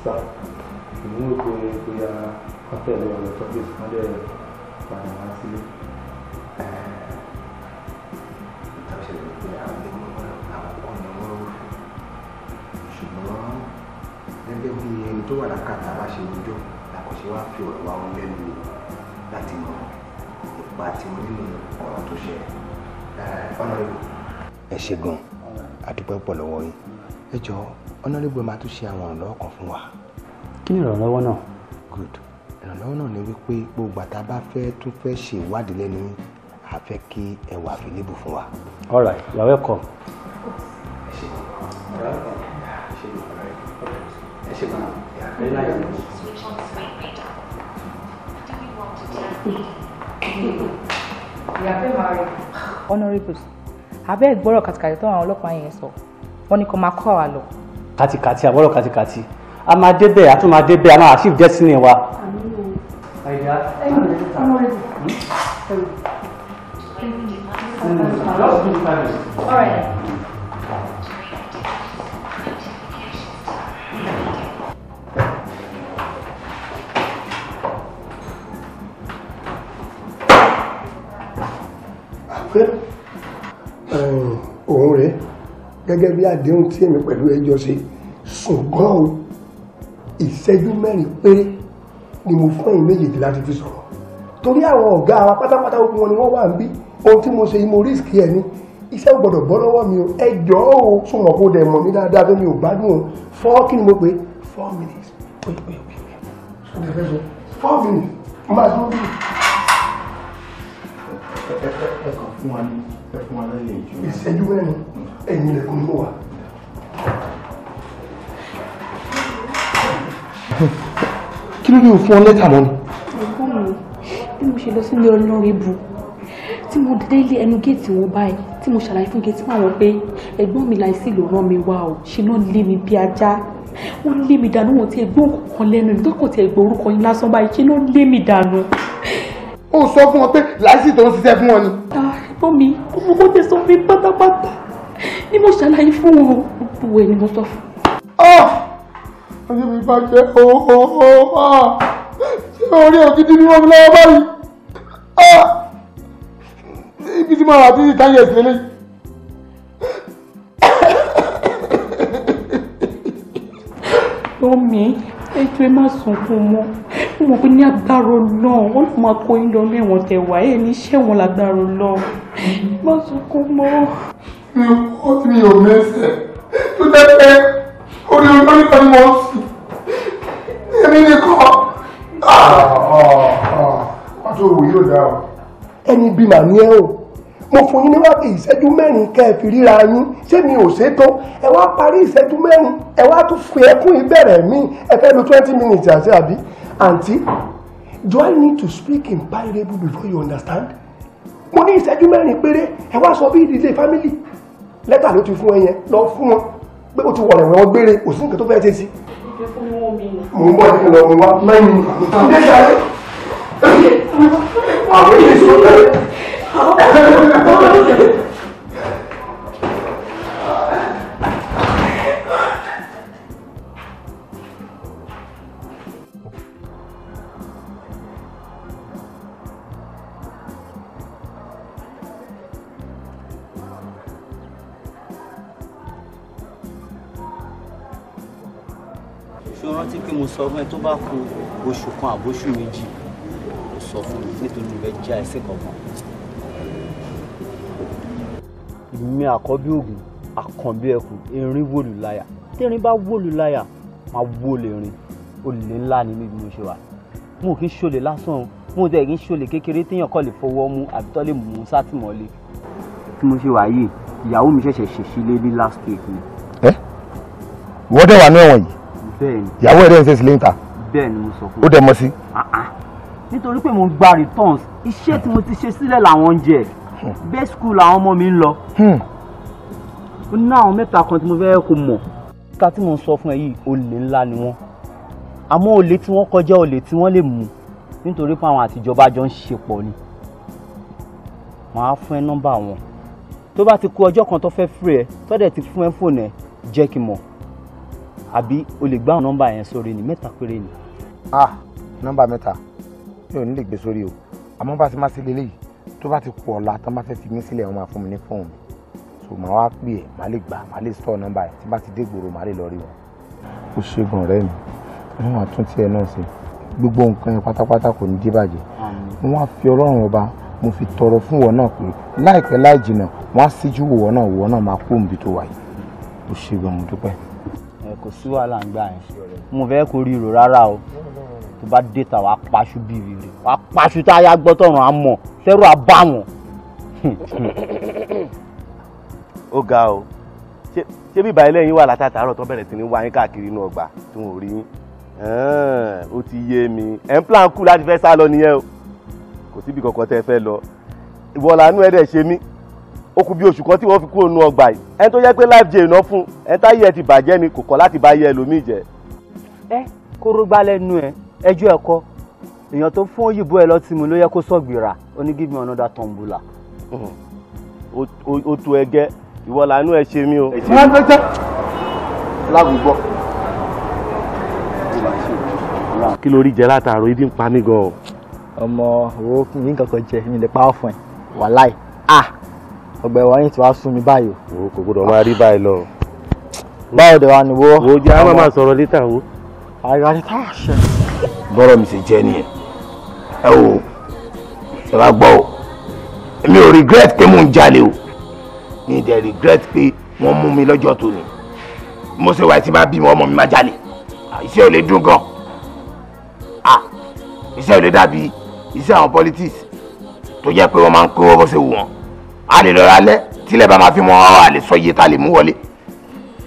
sà ìmúlò kò yẹ kó yára wọ́n tẹ̀lé ọ̀rọ̀ sọ́fíìsì wọ́n dẹ̀ pàdé wá sílé. tó wà lákàtà bá ṣe rojọ́ làkọ̀ṣe wá fi ọ̀rọ̀ wa wọn lẹ́nu wò láti mọ ipa tí wọ́n nínú ọ̀rọ̀ tó ṣe ọ̀nàrẹ́bù. Eh, ẹ ṣe gan àdúpẹ́ pọ̀ lọ́wọ́ yín ẹ jọ ọ̀nàrẹ́bù máa tún ṣe àwọn ìrànlọ́wọ́ kan fún wa. kí ni ìrànlọ́wọ́ náà. good ìrànlọ́wọ́ náà ni wípé gbogbo àtà bá fẹ́ tún fẹ́ ṣe ìwádìí lẹ́nu yín a fẹ́ kí ẹ wà fìlíbù fún wa. all right you are welcome. ẹ ṣe gan. Switch on screen reader. Do you want to tell me? Yàgbé Mari. Honourable, abẹ́ ìgbọ́rọ̀ kàtìkàtì tó àwọn ọlọ́pàá yẹn sọ, wọ́n ní kó máa kọ́ àwa lọ. Kàtìkàtì àbọ̀rọ̀ kàtìkàtì, a máa débẹ̀, a tún máa débẹ̀, a máa achieve destiny wa. Àyà, Honourable. All right. pé òun rèé gẹ́gẹ́ bí àdéhùn tí èmi pẹ̀lú ẹjọ́ ṣe ṣùgbọ́n o ìṣẹ́jú mẹ́rin péré ni mo fún ẹ̀yin méjèèjì láti fi sọ̀rọ̀ torí àwọn ọ̀gá wa pátápátá ogun wọn ni wọ́n wà ń bí ohun tí mo ṣe mo rísìkì ẹ̀ ní iṣẹ́ gbọ́dọ̀ bọ́ lọ́wọ́ mi o ẹ jọ̀ọ́ o súnmọ́ kó dẹ̀ mọ̀ mí dáadáa tó mi ò gbádùn o four kí ni mo pè four minutes four minutes máa dúró bí. fún wa ní ẹ fún wa lẹ́yìn ìjọ. ìṣẹ́jú mẹ́rin ẹ̀yìn ilẹ̀kùn ló wà. kí ló dé o fún ọ lẹ́tà mọ́ ni. ẹ̀gbọ́n mi bí mo ṣe lọ sílé olórí bu tí mo délé ẹnu géètì wọn báyìí tí mo ṣàlàyé fún géètì àwọn pé ẹ̀gbọ́n mi láìsí ló rán mi wá o ṣe ló lé mi bí ajá ó lé mi dànù wọn ti ẹgbẹ́ òkùnkàn lẹ́nu ní tókò tí ẹgbẹ́ orúkọ yín lásán báyìí ṣe ló lé mi dànù. ó sọ fún wọn pé láìsí tó ń ṣiṣẹ́ fún wọn ni ẹ̀gbọ́n mi gbogbo kó tẹ sọ fún mi pátápátá ni mo ṣàlàyé fún wọn gbogbo ẹ̀ ni mo sọ fún. ọjọ́ ah! mi bá jẹ́ ooo oh, oh, oh, ah! ṣé orí ògidì ni wọ́n fi lọ́wọ́ báyìí ah! ibi tí mo wà títí táyé ẹ̀sìn lélẹ́yìn. Mọ́mí ẹjọ́ ẹ má sunkún mọ́ mo mọ̀ pé ní agbára Ọlọ́run wọn náà máa kó yín lọ ní ẹ̀wọ̀n tẹ̀wá ẹ̀ ní iṣẹ́ wọn lágbára Ọlọ́run má sunkún mọ́. mi ò mi ò mẹ́sẹ̀ tó dẹ́pẹ́ orí olórí kan mọ̀ èmi nìkan. wọ́n ah, ah, ah. tó yóò dá ẹni bí màmí ẹ o mo fún yín ní ìṣẹ́jú mẹ́rin kẹfì ríra yín ṣé mi ò ṣe ẹ wá parí ìṣẹ́jú mẹ́rin ẹ wá tún fi ẹkún ìbẹ̀rẹ̀ mi ẹ fẹ́ lo twenty minutes àti àbí àǹtí do I need to speak in parable before you understand mo ní ìṣẹ́jú mẹ́rin péré ẹ wá sọ bí ìdílé family lẹ́tà ló ti fún ẹ yẹn lọ fún wọn pé o ti wọ̀rẹ̀ wọ́n gbére kò sí nǹkan tó fẹ́ ṣe sí. mo ń bọ̀ nínú ọmọ wa mẹ́rin. àwọn ìṣòro sọ fún ẹ tó bá kù oṣù kan àbóṣù méjì sọ fún mi nítorí ìbẹ jẹ àìsí kankan èmi àkọ́bí ògùn àkànbí ẹkùn erin wòlù láyà tẹ́rin bá wòlù láyà máa wòlù erin olè ńlá ni mí bí mo ṣe wà mo kì í ṣolè lásán o mo tẹ̀ kì í ṣolè kékeré téèyàn kọ́ lè fọwọ́ mú àbí tọ́ lè mú sátìmọ́lé tí mo ṣe wà yìí ìyàwó mi ṣẹ̀ṣẹ̀ ṣèṣì lé ní last week ni. ẹ wọ́n dẹ̀ wà ní ẹ̀wọ̀n yìí. bẹ́ẹ̀ni ìyàwó ẹ̀rẹ́ ẹ̀ṣẹ̀ sílẹ̀ ń ta. bẹ́ẹ̀ni mo sọ fún un. ó dẹ̀ mọ̀ sí. Ah, ah. nítorí pé mo gba returns iṣẹ́ tí mo ti ṣe sílẹ̀ làwọn ń jẹ. Hmm. Best school làwọn ọmọ mi ń lọ hmm. ó ní àwọn mẹ́ta kan tí mo fẹ́ kó mọ̀ ká tí mo ń sọ fún ẹ yìí olè ńlá ni wọ́n àmọ́ olè tí wọ́n kọjá olè tí wọ́n lè mú nítorí pé àwọn àtijọba jọ ń ṣe pọ̀ ni màá fún ẹ nọ́mbà wọn tó bá ti kú ọjọ́ kan tó fẹ́ fúre ẹ tó dẹ̀ ti fún ẹ fóònù ẹ jẹ́ kí n mọ̀ àbí o lè gbá àwọn nọ́mbà yẹn sórí ni mẹ́ta péré ni. ah nọ́mbà mẹ́ta mi ò ní lè gbé sórí o àmọ́ bá a ti máa ṣe lélẹ́yìí tó bá ti pọ̀ ọ̀la tán bá fẹ́ fi mí sílẹ̀ wọ́n máa fún mi ní fóònù so màá wá pè é màá lè gbà màá lè sọ nọ́mbà ẹ̀ tí bá ti dé gbòòrò màá lè lọ rí wọn. ó ṣègùn ọ̀rẹ́ mi wọ́n wá tún tiẹ̀ náà ṣe gbogbo nǹkan yẹn pátápátá kò ní dé bàjẹ́ wọ́n wá fi ọlọ́run ọba mo fi tọrọ fún wọn náà pé láìpẹ́ láì jìnà wọ́n á síjú wọ̀ náà wọ̀ náà máa kó òǹbí tó wà yìí ó ṣègùn mo dúpẹ́. ẹ kò sí wàhálà ń gbà yẹn mo fẹ́ kó rí rárá o tó bá dé ta wàá paṣu bíi rere wàá paṣu tá a yá gbọ́ tọ̀run á mọ̀ sẹ́rù á bá wọn. ó ga o ṣé bíbá ilé yín wà látàtàárọ̀ tó bẹ̀rẹ̀ sí ní wá káàkiri inú ọgbà tí wọn rí ó ti yé mi ẹ̀ ń láti fẹ́ sá lọ nìyẹn o kò síbi kankan tẹ́ ẹ fẹ́ lọ ìwọ̀lànú ẹ̀ dẹ̀ ṣe mí ó kù bí oṣù kan tí wọ́n fi kúrò nínú ọgbà yìí ẹni tó yẹ pé life jẹ ìná fún ẹni táyé ẹ ti bàjẹ́ ni kò kọ́ láti bá yẹ ẹlòmíì jẹ. ẹ kóró gbálẹ́ nu ẹ ẹjọ́ ẹ̀kọ́ èèyàn tó fún òyìnbó ẹ lọ́tí mu ló yẹ kó sọ̀gbìrà ó ní give me another tumbler. o tu ẹgẹ ìwọ làánú ẹ ṣe mí o. wọ́n ti tẹ́ lágùúgbọ́. kí ló rí jẹ látàárọ̀ ibi ń pa mí gan-an. ọmọ owó mi kankan jẹ mi lè pa ọ fún ẹ wàláì ah ọgbẹ wa yín ti wá sún mi báyìí o. o kò gbọdọ̀ máa rí báyìí lọ. báwo de wa ni wo. wo jẹ́ àwọn máa sọ̀rọ̀ létà wo. àyà ni tá bọ́rọ̀ mi sì jẹ́ nìyẹn ẹ o ẹ bá gbọ́ o èmi ò regret pé mò ń jalè o mi dẹ̀ regret pé wọ́n mú mi lọ́jọ́ tó ni mo ṣe wà tí bá bímọ ọmọ mi má jalè iṣẹ́ ò lè dùn gan ah iṣẹ́ ò lè dàbí iṣẹ́ àwọn politics tó jẹ́ pé wọ́n máa ń kó bó ṣe wù wọ́n a lè lọ alẹ́ tílẹ̀ bá máa fi mọ́ a lè sọ iye ta lè mú wọlé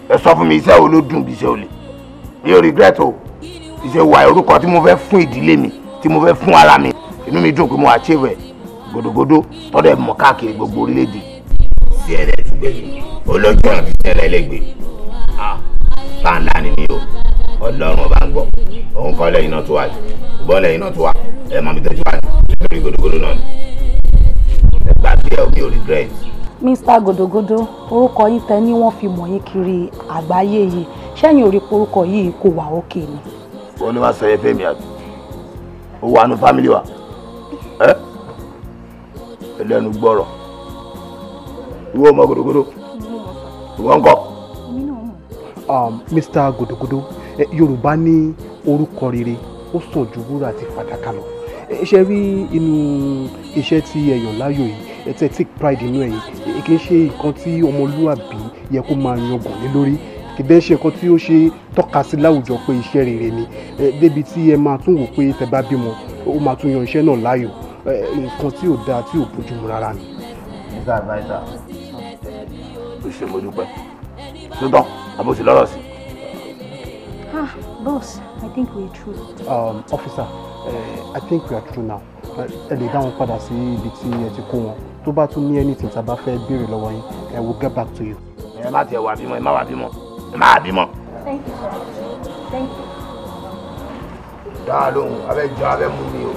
ẹ sọ fún mi iṣẹ́ ò ló dùn bí iṣẹ́ ò lè mi ò regret o ìṣèwà orúkọ tí mo fẹ́ fún ìdílé mi tí mo fẹ́ fún ara mi inú mi dùn pé mo achieve ẹ̀ gbòdògbòdò tọ́dọ̀ ẹ̀ mọ̀ káàkiri gbogbo orílẹ̀-èdè. sí ẹ̀rẹ́ ti gbé mi olójú àti ẹ̀rẹ́ lè gbé pàǹdà ni mi o ọlọ́run ọba ń gbọ́ òun kọ́ lẹ́yìn náà tó wà ìbọn lẹ́yìn náà tó wà ẹ̀ mọ̀ mi tó ti wà lórí gbòdògbòdò náà ni ẹ̀ gbàgbé ẹ̀ mi ò regret. Mr. Godogodo orúkọ yìí tẹ ni wọ́n fi mọ̀ yín kiri àgbáyé yìí ṣẹ́yìn orí orúkọ yìí kò wà òkè ni òun ni wàá sọ yẹn fẹ́mi àbí ó wà nù fámìlì wa ẹ́ ẹlẹ́nu gbọ́rọ̀ ìwọ ọmọ gòdògòdò ìwọ ń kọ́. Mr. Um, gòdògòdò Yorùbá ní orúkọ rere ó sàn ju wúrà àti fàdákà lọ ṣe rí inú iṣẹ́ tí ẹ̀yàn láyò yìí ẹ̀ tẹ́ take pride inú ẹ̀yìn kì í ṣe nǹkan tí ọmọlúwàbí yẹ kó máa yangàn lé lórí kìdẹ́ ṣe nǹkan tí ó ṣe tọ́ka sí láwùjọ pé iṣẹ́ rere ni débi tí ẹ máa tún wò pé tẹ́ bá bímọ ó máa tún yan iṣẹ́ náà láàyò nǹkan tí ò dáa tí ò bójú mu rárá ni. mr adviser ó ṣe mo dúpẹ́ tó tán àbòsí lọ́rọ̀ sí. ah boss i think we are through. Um, officer uh, i think we are through now ẹ lè dá wọn padà sí ibi tí ẹ ti kó wọn tó bá tún ní anything tá a bá fẹ́ béèrè lọ́wọ́ yín i will get back to you. ẹ má tiẹ̀ wà bímọ ẹ má wà bímọ máa bímọ. dáa lóhùn abẹ́ jọ abẹ́ mú mi o.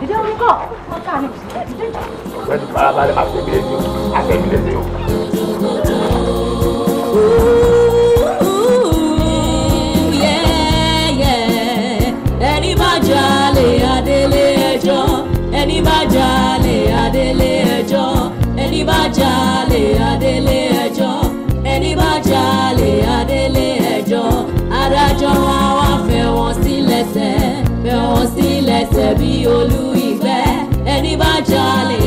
dídé orúkọ ọkà ni dídé. ọ̀gbẹ́ ti farabalẹ̀ máa fẹ́ mi létí o máa fẹ́ mi létí o. ẹni bá jalè adélé ẹjọ́ ẹni bá jalè bá jalè adélé ẹjọ́ ẹni bá jalè adélé ẹjọ́ adájọ́ wa wá fẹ́ wọn sí lẹ́sẹ̀ fẹ́ wọn sí lẹ́sẹ̀ bí olú ìgbẹ́ ẹni bá jalè.